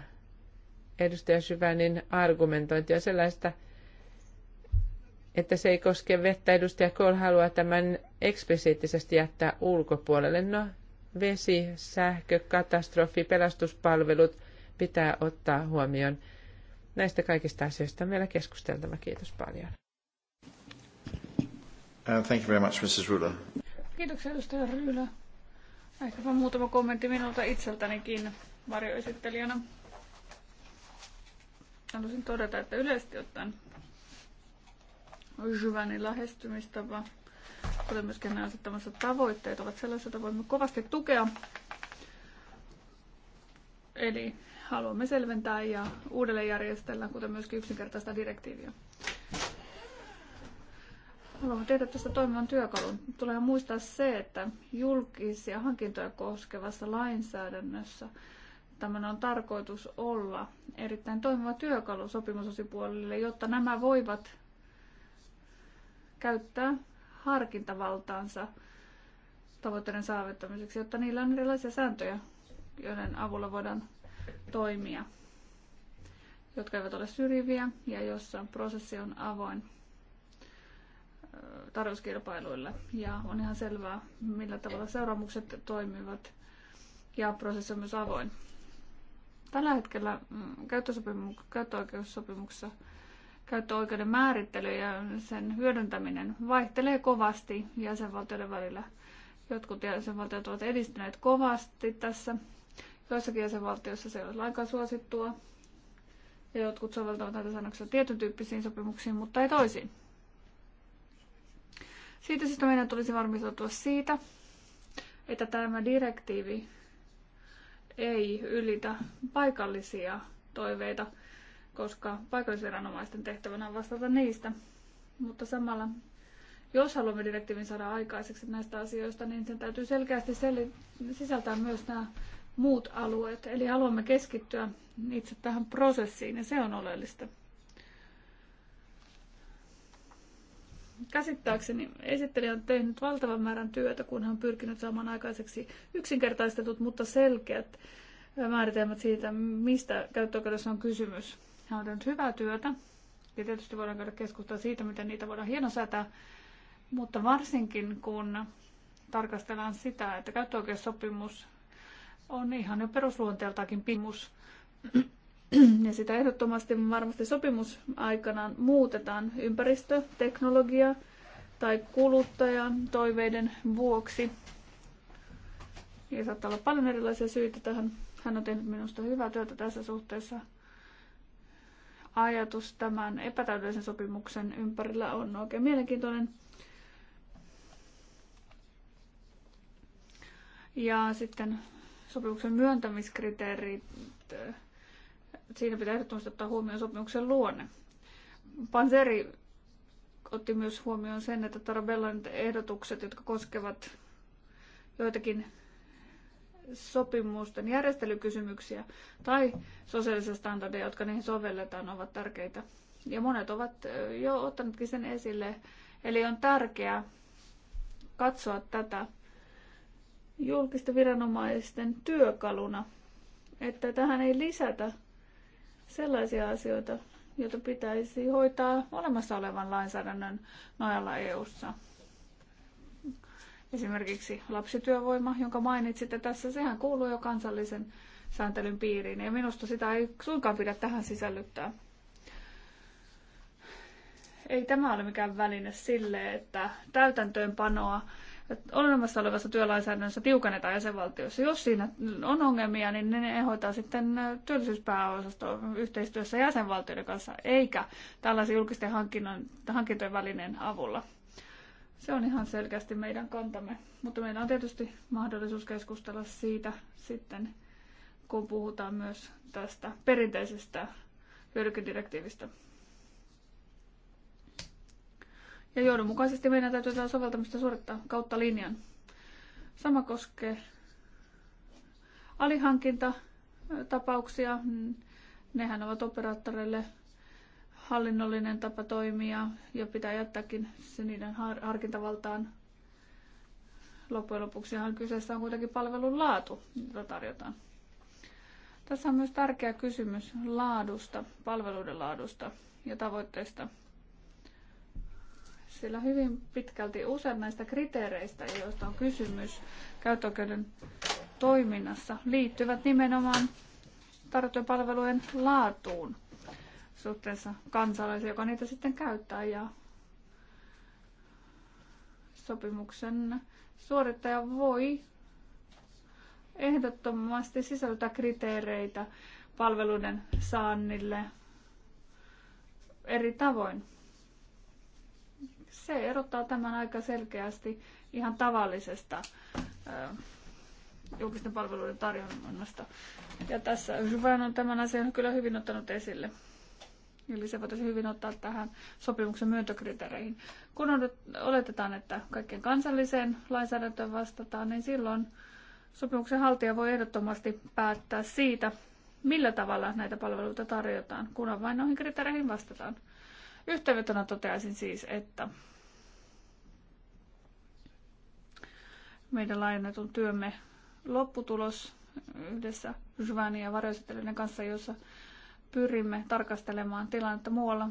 edustaja Syvänin argumentointi on sellaista, että se ei koske vettä. Edustaja Kohl haluaa tämän eksplisiittisesti jättää ulkopuolelle. No, vesi, sähkö, katastrofi, pelastuspalvelut pitää ottaa huomioon. Näistä kaikista asioista on meillä keskusteltava. Kiitos paljon. Uh, thank you very much, Mrs. Ruler. Kiitoksia, edustaja Ryylä. vain muutama kommentti minulta itseltänikin varjoesittelijänä. Haluaisin todeta, että yleisesti ottaen Jyvänin lähestymistapa, kuten myöskin nämä asettamassa tavoitteet ovat sellaisia, joita voimme kovasti tukea. Eli haluamme selventää ja uudelleen järjestellä, kuten myöskin yksinkertaista direktiiviä. Haluamme tehdä tästä toimivan työkalun. Tulee muistaa se, että julkisia hankintoja koskevassa lainsäädännössä tämän on tarkoitus olla erittäin toimiva työkalu sopimusosipuolille, jotta nämä voivat käyttää harkintavaltaansa tavoitteiden saavuttamiseksi, jotta niillä on erilaisia sääntöjä, joiden avulla voidaan toimia, jotka eivät ole syrjiviä ja jossa prosessi on avoin tarjouskilpailuille. Ja on ihan selvää, millä tavalla seuraamukset toimivat ja prosessi on myös avoin. Tällä hetkellä mm, käyttösopimu- käyttöoikeussopimuksessa käyttöoikeuden määrittely ja sen hyödyntäminen vaihtelee kovasti jäsenvaltioiden välillä. Jotkut jäsenvaltiot ovat edistyneet kovasti tässä. Joissakin jäsenvaltioissa se ei ole lainkaan suosittua. Ja jotkut soveltavat näitä säännöksiä tietyn tyyppisiin sopimuksiin, mutta ei toisiin. Siitä syystä meidän tulisi varmistautua siitä, että tämä direktiivi ei ylitä paikallisia toiveita – koska paikallisviranomaisten tehtävänä on vastata niistä. Mutta samalla, jos haluamme direktiivin saada aikaiseksi näistä asioista, niin sen täytyy selkeästi sisältää myös nämä muut alueet. Eli haluamme keskittyä itse tähän prosessiin ja se on oleellista. Käsittääkseni esittelijä on tehnyt valtavan määrän työtä, kun hän on pyrkinyt saamaan aikaiseksi yksinkertaistetut, mutta selkeät määritelmät siitä, mistä käyttöoikeudessa on kysymys. Hän on tehnyt hyvää työtä ja tietysti voidaan käydä keskustelua siitä, miten niitä voidaan hienosäätää, mutta varsinkin kun tarkastellaan sitä, että käyttöoikeussopimus on ihan jo perusluonteeltaakin pimus. Ja sitä ehdottomasti varmasti sopimus aikanaan muutetaan ympäristö, teknologia tai kuluttajan toiveiden vuoksi. Ja saattaa olla paljon erilaisia syitä tähän. Hän on tehnyt minusta hyvää työtä tässä suhteessa ajatus tämän epätäydellisen sopimuksen ympärillä on oikein mielenkiintoinen. Ja sitten sopimuksen myöntämiskriteerit, äh, siinä pitää ehdottomasti ottaa huomioon sopimuksen luonne. Panzeri otti myös huomioon sen, että Tarabellan ehdotukset, jotka koskevat joitakin sopimusten järjestelykysymyksiä tai sosiaalisia standardeja, jotka niihin sovelletaan, ovat tärkeitä. Ja monet ovat jo ottanutkin sen esille. Eli on tärkeää katsoa tätä julkisten viranomaisten työkaluna, että tähän ei lisätä sellaisia asioita, joita pitäisi hoitaa olemassa olevan lainsäädännön nojalla EU:ssa. ssa Esimerkiksi lapsityövoima, jonka mainitsitte tässä, sehän kuuluu jo kansallisen sääntelyn piiriin. Ja minusta sitä ei suinkaan pidä tähän sisällyttää. Ei tämä ole mikään väline sille, että täytäntöönpanoa olemassa olevassa työlainsäädännössä tiukennetaan jäsenvaltiossa. Jos siinä on ongelmia, niin ne hoitaa sitten työllisyyspääosasto yhteistyössä jäsenvaltioiden kanssa, eikä tällaisen julkisten hankintojen välineen avulla. Se on ihan selkeästi meidän kantamme, mutta meillä on tietysti mahdollisuus keskustella siitä sitten, kun puhutaan myös tästä perinteisestä hyödykedirektiivistä. Ja johdonmukaisesti meidän täytyy tätä soveltamista suorittaa kautta linjan. Sama koskee alihankintatapauksia. Nehän ovat operaattoreille hallinnollinen tapa toimia ja pitää jättääkin se niiden harkintavaltaan. Loppujen lopuksihan kyseessä on kuitenkin palvelun laatu, jota tarjotaan. Tässä on myös tärkeä kysymys laadusta, palveluiden laadusta ja tavoitteista. Sillä hyvin pitkälti useat näistä kriteereistä, joista on kysymys käyttöoikeuden toiminnassa, liittyvät nimenomaan tarjottujen palvelujen laatuun – suhteessa kansalaisia, joka niitä sitten käyttää. Ja sopimuksen suorittaja voi ehdottomasti sisältää kriteereitä palveluiden saannille eri tavoin. Se erottaa tämän aika selkeästi ihan tavallisesta julkisten palveluiden tarjonnasta. Ja tässä Hyvän on tämän asian kyllä hyvin ottanut esille. Eli se voitaisiin hyvin ottaa tähän sopimuksen myöntökriteereihin. Kun oletetaan, että kaikkien kansalliseen lainsäädäntöön vastataan, niin silloin sopimuksen haltija voi ehdottomasti päättää siitä, millä tavalla näitä palveluita tarjotaan, kunhan vain noihin kriteereihin vastataan. Yhteenvetona toteaisin siis, että meidän laajennetun työmme lopputulos yhdessä Juvani ja varjoesittelyiden kanssa, jossa pyrimme tarkastelemaan tilannetta muualla,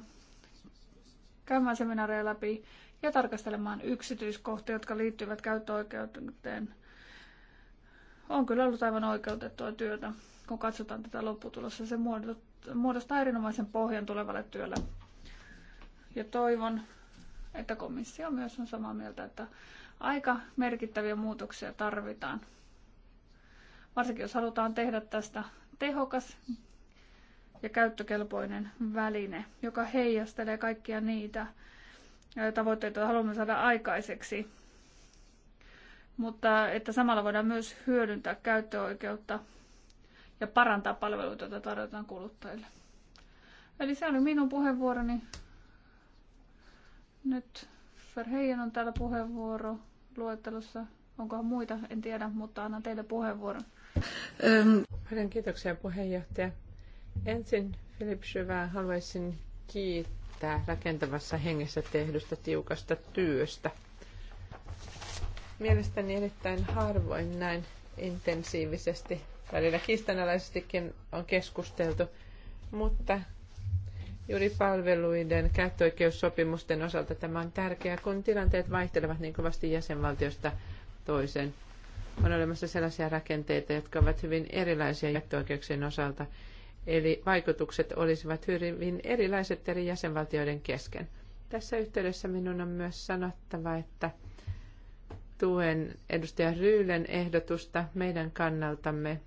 käymään seminaareja läpi ja tarkastelemaan yksityiskohtia, jotka liittyvät käyttöoikeuteen. On kyllä ollut aivan oikeutettua työtä, kun katsotaan tätä lopputulossa. Se muodostaa erinomaisen pohjan tulevalle työlle. Ja toivon, että komissio myös on samaa mieltä, että aika merkittäviä muutoksia tarvitaan. Varsinkin jos halutaan tehdä tästä tehokas ja käyttökelpoinen väline, joka heijastelee kaikkia niitä tavoitteita, joita haluamme saada aikaiseksi. Mutta että samalla voidaan myös hyödyntää käyttöoikeutta ja parantaa palveluita, joita tarjotaan kuluttajille. Eli se oli minun puheenvuoroni. Nyt Ferheijan on täällä puheenvuoro luettelossa. Onkohan muita, en tiedä, mutta annan teille puheenvuoron. Paljon kiitoksia puheenjohtaja. Ensin Filip Syvää haluaisin kiittää rakentavassa hengessä tehdystä tiukasta työstä. Mielestäni erittäin harvoin näin intensiivisesti, välillä kiistanalaisestikin on keskusteltu, mutta juuri palveluiden käyttöoikeussopimusten osalta tämä on tärkeää, kun tilanteet vaihtelevat niin kovasti jäsenvaltiosta toiseen. On olemassa sellaisia rakenteita, jotka ovat hyvin erilaisia käyttöoikeuksien osalta, Eli vaikutukset olisivat hyvin erilaiset eri jäsenvaltioiden kesken. Tässä yhteydessä minun on myös sanottava, että tuen edustaja Ryylen ehdotusta meidän kannaltamme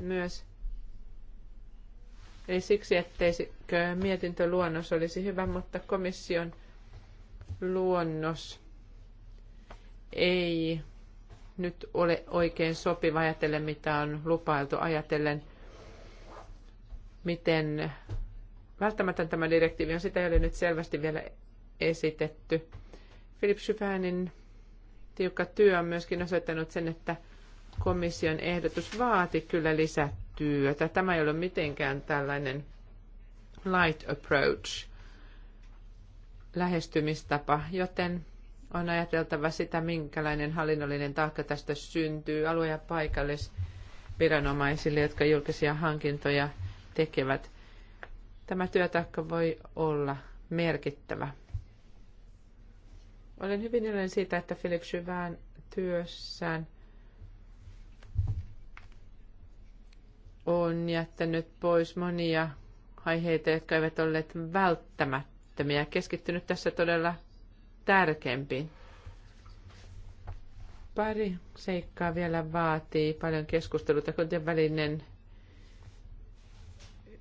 myös. Ei siksi, ettei mietintöluonnos olisi hyvä, mutta komission luonnos ei nyt ole oikein sopiva ajatellen, mitä on lupailtu ajatellen – miten välttämätön tämä direktiivi on. Sitä ei ole nyt selvästi vielä esitetty. Philip Schyfänin tiukka työ on myöskin osoittanut sen, että komission ehdotus vaati kyllä lisätyötä. Tämä ei ole mitenkään tällainen light approach lähestymistapa, joten on ajateltava sitä, minkälainen hallinnollinen taakka tästä syntyy alue- ja paikallisviranomaisille, jotka julkisia hankintoja – tekevät. Tämä työtaakka voi olla merkittävä. Olen hyvin iloinen siitä, että Felix Syvään työssään on jättänyt pois monia aiheita, jotka eivät olleet välttämättömiä. Keskittynyt tässä todella tärkeimpiin. Pari seikkaa vielä vaatii paljon keskustelua. kun välinen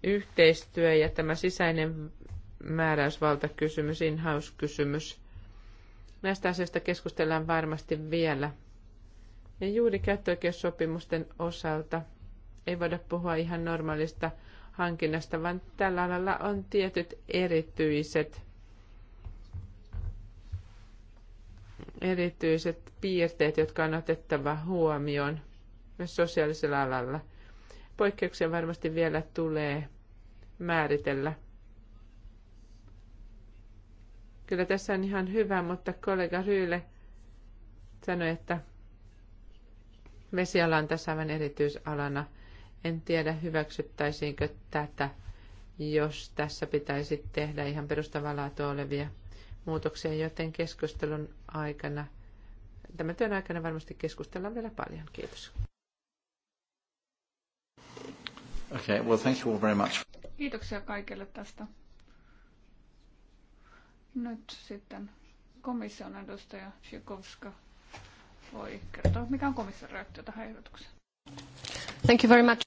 yhteistyö ja tämä sisäinen määräysvaltakysymys, in-house-kysymys. Näistä asioista keskustellaan varmasti vielä. Ja juuri käyttöoikeussopimusten osalta ei voida puhua ihan normaalista hankinnasta, vaan tällä alalla on tietyt erityiset, erityiset piirteet, jotka on otettava huomioon myös sosiaalisella alalla – Poikkeuksia varmasti vielä tulee määritellä. Kyllä tässä on ihan hyvä, mutta kollega Ryyle sanoi, että vesiala on tässä aivan erityisalana. En tiedä, hyväksyttäisiinkö tätä, jos tässä pitäisi tehdä ihan perustavanlaatua olevia muutoksia, joten keskustelun aikana, tämän työn aikana varmasti keskustellaan vielä paljon. Kiitos. Okay, well, thank you all very much. Kiitoksia kaikille tästä. Nyt sitten komission edustaja Shikovska voi kertoa, mikä on komission reaktio tähän ehdotukseen. Thank you very much.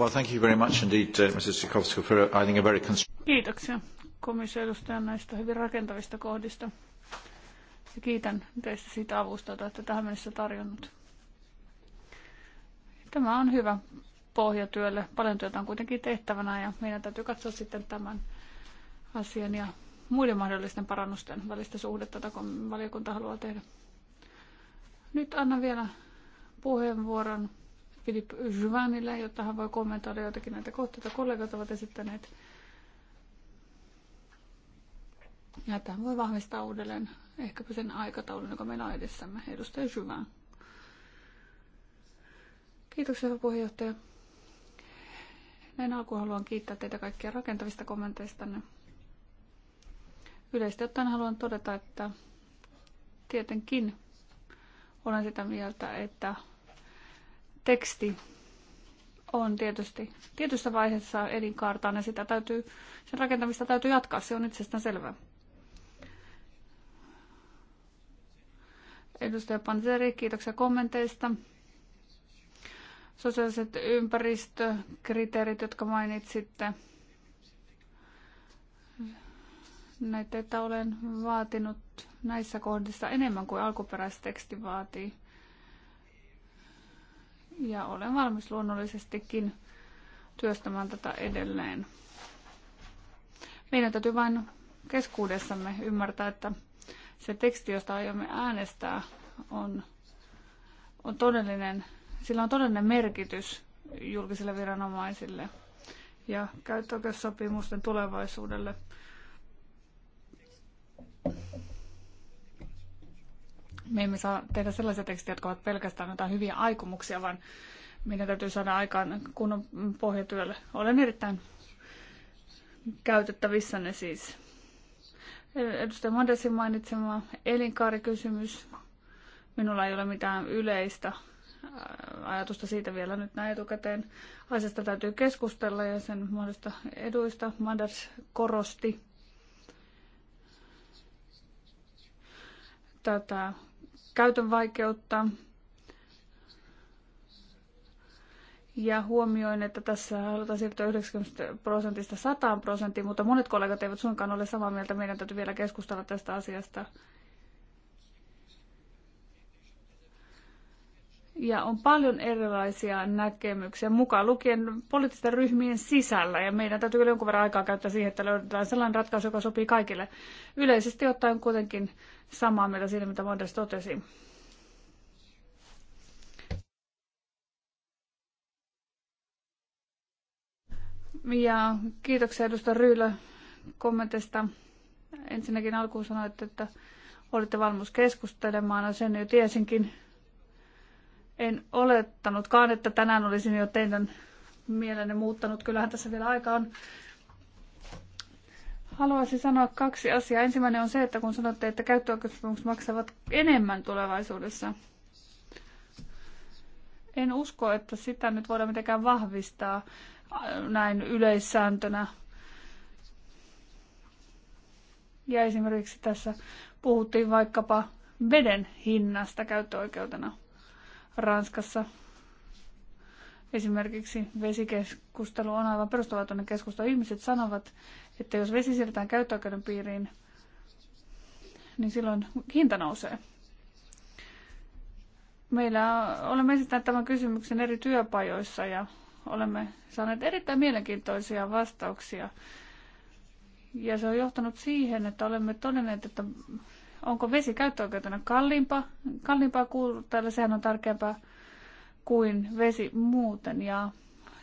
Well, thank you very much indeed, uh, Mrs. for, I uh, think, a very Kiitoksia komissioedustajan näistä hyvin rakentavista kohdista. Ja kiitän teistä siitä avusta, jota olette tähän mennessä tarjonnut. Tämä on hyvä pohja työlle. Paljon työtä on kuitenkin tehtävänä ja meidän täytyy katsoa sitten tämän asian ja muiden mahdollisten parannusten välistä suhdetta, jota valiokunta haluaa tehdä. Nyt annan vielä puheenvuoron Filip Juvanille, jotta hän voi kommentoida jotakin näitä kohteita, kollegat ovat esittäneet. Ja tämä voi vahvistaa uudelleen ehkäpä sen aikataulun, joka meillä on edessämme. Edustaja Juvan. Kiitoksia, hyvä puheenjohtaja. Näin alkuun haluan kiittää teitä kaikkia rakentavista kommenteistanne. Yleisesti ottaen haluan todeta, että tietenkin olen sitä mieltä, että teksti on tietysti tietyssä vaiheessa elinkaartaan ja sitä täytyy, sen rakentamista täytyy jatkaa, se on itsestään selvää. Edustaja Panzeri, kiitoksia kommenteista. Sosiaaliset ympäristökriteerit, jotka mainitsitte. Näitä, että olen vaatinut näissä kohdissa enemmän kuin alkuperäisteksti teksti vaatii. Ja olen valmis luonnollisestikin työstämään tätä edelleen. Meidän täytyy vain keskuudessamme ymmärtää, että se teksti, josta aiomme äänestää, on, on todellinen, sillä on todellinen merkitys julkisille viranomaisille ja käyttöoikeussopimusten tulevaisuudelle. Me emme saa tehdä sellaisia tekstejä, jotka ovat pelkästään jotain hyviä aikomuksia, vaan meidän täytyy saada aikaan kunnon pohjatyölle. Olen erittäin käytettävissä ne siis. Edustaja Mandesin mainitsema elinkaarikysymys. Minulla ei ole mitään yleistä äh, ajatusta siitä vielä nyt näin etukäteen. Asiasta täytyy keskustella ja sen muodosta eduista. Manders korosti tätä käytön vaikeutta. Ja huomioin, että tässä halutaan siirtyä 90 prosentista 100 prosenttiin, mutta monet kollegat eivät suinkaan ole samaa mieltä. Meidän täytyy vielä keskustella tästä asiasta. Ja on paljon erilaisia näkemyksiä, mukaan lukien poliittisten ryhmien sisällä. Ja meidän täytyy jonkun verran aikaa käyttää siihen, että löydetään sellainen ratkaisu, joka sopii kaikille. Yleisesti ottaen kuitenkin samaa mieltä siitä, mitä Mondes totesi. Ja kiitoksia edustaja Ryylä kommentista. Ensinnäkin alkuun sanoitte, että olitte valmis keskustelemaan, no sen jo tiesinkin. En olettanutkaan, että tänään olisin jo teidän mielenne muuttanut. Kyllähän tässä vielä aika on. Haluaisin sanoa kaksi asiaa. Ensimmäinen on se, että kun sanotte, että käyttöoikeusopimukset maksavat enemmän tulevaisuudessa, en usko, että sitä nyt voidaan mitenkään vahvistaa äh, näin yleissääntönä. Ja esimerkiksi tässä puhuttiin vaikkapa veden hinnasta käyttöoikeutena. Ranskassa esimerkiksi vesikeskustelu on aivan perustavallinen keskustelu. Ihmiset sanovat, että jos vesi siirretään käyttöoikeuden piiriin, niin silloin hinta nousee. Meillä olemme esittäneet tämän kysymyksen eri työpajoissa ja olemme saaneet erittäin mielenkiintoisia vastauksia. Ja se on johtanut siihen, että olemme todenneet, että onko vesi käyttöoikeutena kalliimpaa, kalliimpaa kuluttajalle, sehän on tärkeämpää kuin vesi muuten. Ja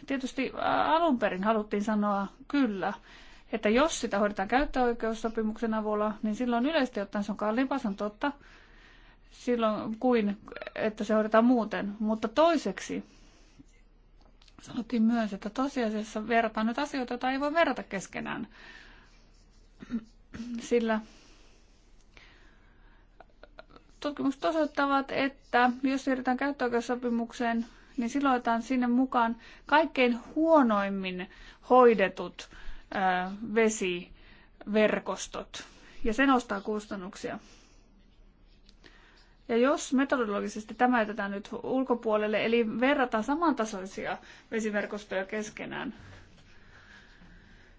tietysti alun perin haluttiin sanoa kyllä, että jos sitä hoidetaan käyttöoikeussopimuksen avulla, niin silloin yleisesti ottaen se on kalliimpaa, se on totta, silloin kuin että se hoidetaan muuten. Mutta toiseksi sanottiin myös, että tosiasiassa verrataan nyt asioita, joita ei voi verrata keskenään. Sillä Tutkimukset osoittavat, että jos siirrytään käyttöoikeussopimukseen, niin silloin otetaan sinne mukaan kaikkein huonoimmin hoidetut ö, vesiverkostot. Ja se nostaa kustannuksia. Ja jos metodologisesti tämä jätetään nyt ulkopuolelle, eli verrataan samantasoisia vesiverkostoja keskenään,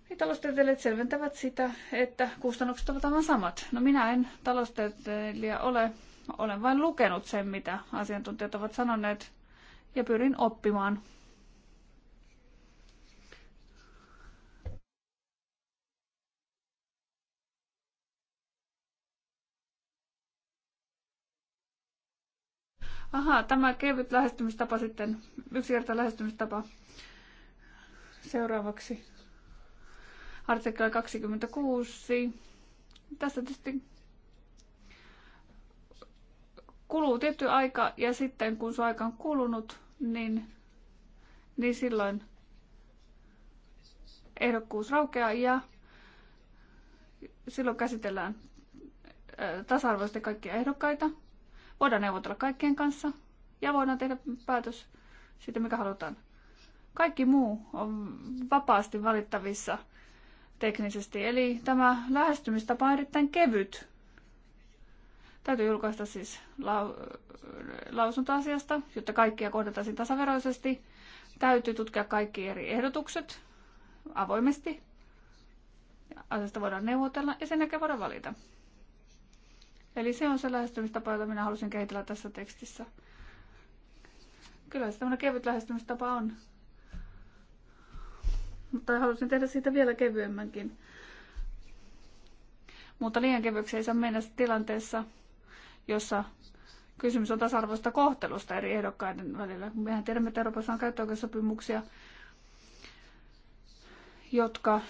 niin taloustieteilijät selventävät sitä, että kustannukset ovat aivan samat. No minä en taloustieteilijä ole, olen vain lukenut sen, mitä asiantuntijat ovat sanoneet ja pyrin oppimaan. Aha, tämä kevyt lähestymistapa sitten, yksinkertainen lähestymistapa seuraavaksi. artikkeli 26. Tässä tietysti kuluu tietty aika ja sitten kun se aika on kulunut, niin, niin silloin ehdokkuus raukeaa ja silloin käsitellään tasa-arvoisesti kaikkia ehdokkaita. Voidaan neuvotella kaikkien kanssa ja voidaan tehdä päätös siitä, mikä halutaan. Kaikki muu on vapaasti valittavissa teknisesti. Eli tämä lähestymistapa on erittäin kevyt Täytyy julkaista siis lau, lausunto asiasta, jotta kaikkia kohdataan tasaveroisesti. Täytyy tutkia kaikki eri ehdotukset avoimesti. Asiasta voidaan neuvotella ja sen jälkeen voidaan valita. Eli se on se lähestymistapa, jota minä halusin kehitellä tässä tekstissä. Kyllä se tämmöinen kevyt lähestymistapa on. Mutta halusin tehdä siitä vielä kevyemmänkin. Mutta liian kevyksi ei saa mennä tilanteessa, jossa kysymys on tasa-arvoista kohtelusta eri ehdokkaiden välillä. Mehän tiedämme, että Euroopassa on käyttöoikeussopimuksia, jotka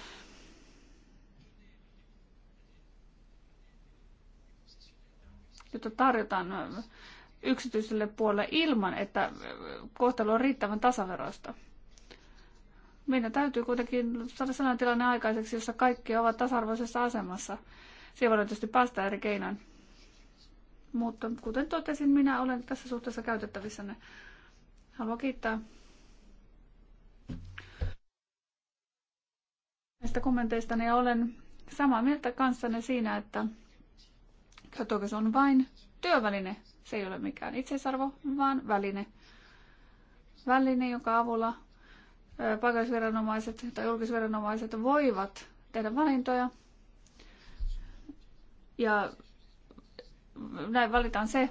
jota tarjotaan yksityiselle puolelle ilman, että kohtelu on riittävän tasaveroista. Meidän täytyy kuitenkin saada sellainen tilanne aikaiseksi, jossa kaikki ovat tasa-arvoisessa asemassa. Siihen voidaan tietysti päästä eri keinoin. Mutta kuten totesin, minä olen tässä suhteessa käytettävissä. Haluan kiittää näistä kommenteista ja olen samaa mieltä kanssanne siinä, että käyttöoikeus on vain työväline. Se ei ole mikään itseisarvo, vaan väline. Väline, jonka avulla paikallisviranomaiset tai julkisviranomaiset voivat tehdä valintoja ja näin valitaan se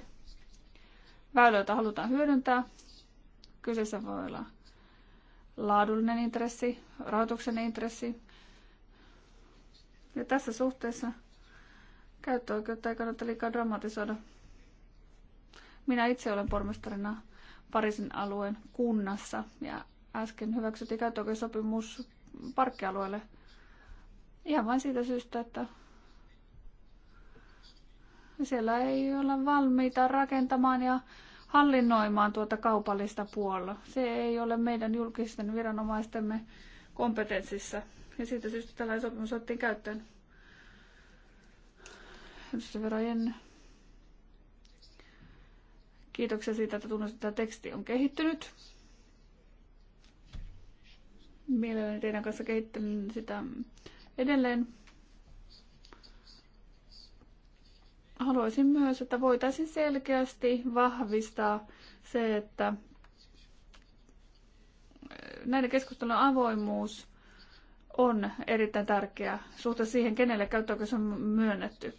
väylä, jota halutaan hyödyntää. Kyseessä voi olla laadullinen intressi, rahoituksen intressi. Ja tässä suhteessa käyttöoikeutta ei kannata liikaa dramatisoida. Minä itse olen pormestarina Pariisin alueen kunnassa ja äsken hyväksyttiin käyttöoikeussopimus parkkialueelle ihan vain siitä syystä, että siellä ei olla valmiita rakentamaan ja hallinnoimaan tuota kaupallista puolta. Se ei ole meidän julkisten viranomaistemme kompetenssissa. Ja siitä syystä tällainen sopimus otettiin käyttöön. Edustajaverojen kiitoksia siitä, että tunnustetaan, että teksti on kehittynyt. Mielelläni teidän kanssa kehittelen sitä edelleen. Haluaisin myös, että voitaisiin selkeästi vahvistaa se, että näiden keskustelujen avoimuus on erittäin tärkeä suhteessa siihen, kenelle käyttöoikeus on myönnetty.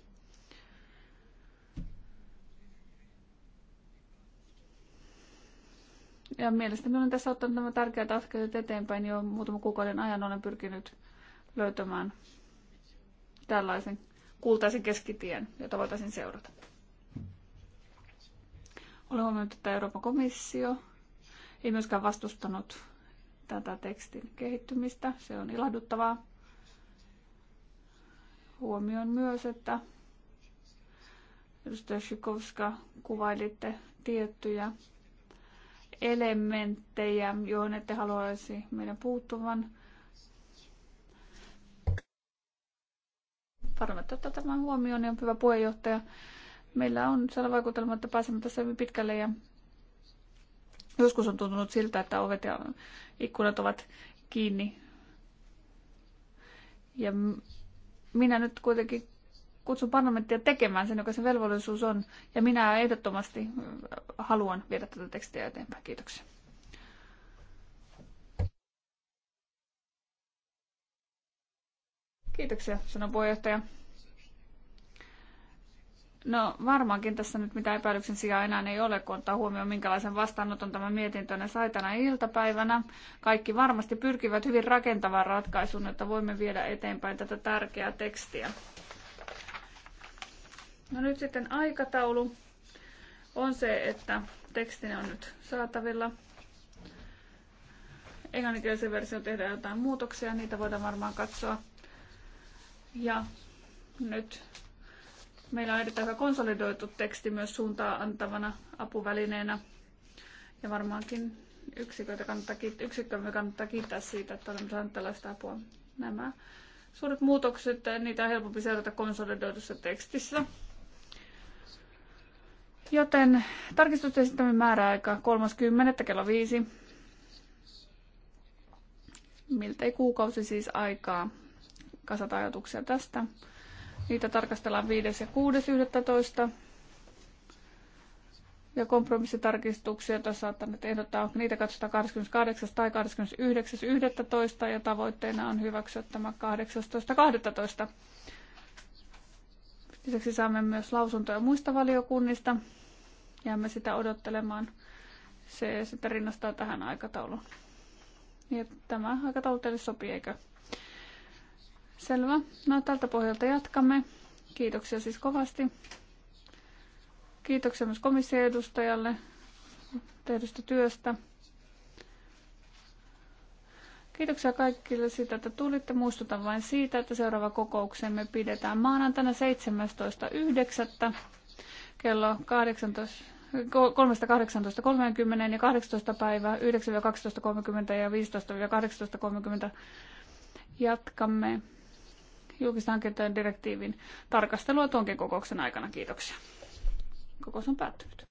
Ja mielestäni olen tässä ottanut nämä tärkeät askeleet eteenpäin jo muutaman kuukauden ajan olen pyrkinyt löytämään tällaisen kultaisen keskitien, jota voitaisiin seurata. Olen huomannut, että Euroopan komissio ei myöskään vastustanut tätä tekstin kehittymistä. Se on ilahduttavaa. Huomioon myös, että edustaja Shikovska kuvailitte tiettyjä elementtejä, joihin ette haluaisi meidän puuttuvan. Parlamentti ottaa tämän huomioon ja on hyvä puheenjohtaja. Meillä on sellainen vaikutelma, että pääsemme tässä hyvin pitkälle ja joskus on tuntunut siltä, että ovet ja ikkunat ovat kiinni. Ja minä nyt kuitenkin kutsun parlamenttia tekemään sen, joka se velvollisuus on. Ja minä ehdottomasti mm, haluan viedä tätä tekstiä eteenpäin. Kiitoksia. Kiitoksia, sanoi puheenjohtaja. No varmaankin tässä nyt mitä epäilyksen sijaa enää ei ole, kun ottaa huomioon minkälaisen vastaanoton tämä mietintö ne sai tänä iltapäivänä. Kaikki varmasti pyrkivät hyvin rakentavaan ratkaisuun, että voimme viedä eteenpäin tätä tärkeää tekstiä. No nyt sitten aikataulu on se, että tekstinä on nyt saatavilla. Englanninkielisen version tehdään jotain muutoksia, niitä voidaan varmaan katsoa ja nyt meillä on erittäin hyvä konsolidoitu teksti myös suuntaa antavana apuvälineenä. Ja varmaankin yksiköitä kannattaa, yksikkömme kannattaa kiittää siitä, että olemme saaneet tällaista apua. Nämä suuret muutokset, niitä on helpompi seurata konsolidoidussa tekstissä. Joten tarkistusten esittäminen määräaika 30. kello 5. Miltei kuukausi siis aikaa kasata ajatuksia tästä. Niitä tarkastellaan 5. ja 6. 11. Ja kompromissitarkistuksia, joita saattaa nyt ehdottaa, niitä katsotaan 28. tai 29. 11. ja tavoitteena on hyväksyä tämä 18. 12. Lisäksi saamme myös lausuntoja muista valiokunnista. Jäämme sitä odottelemaan. Se sitten rinnastaa tähän aikatauluun. Ja niin, tämä aikataulu teille sopii, eikö? Selvä. No tältä pohjalta jatkamme. Kiitoksia siis kovasti. Kiitoksia myös komission edustajalle tehdystä työstä. Kiitoksia kaikille siitä, että tulitte. Muistutan vain siitä, että seuraava kokouksemme pidetään maanantaina 17.9. kello 18. 3.18.30 ja 18. päivää 9.12.30 ja 15.18.30 jatkamme julkisten hankintojen direktiivin tarkastelua tuonkin kokouksen aikana. Kiitoksia. Kokous on päättynyt.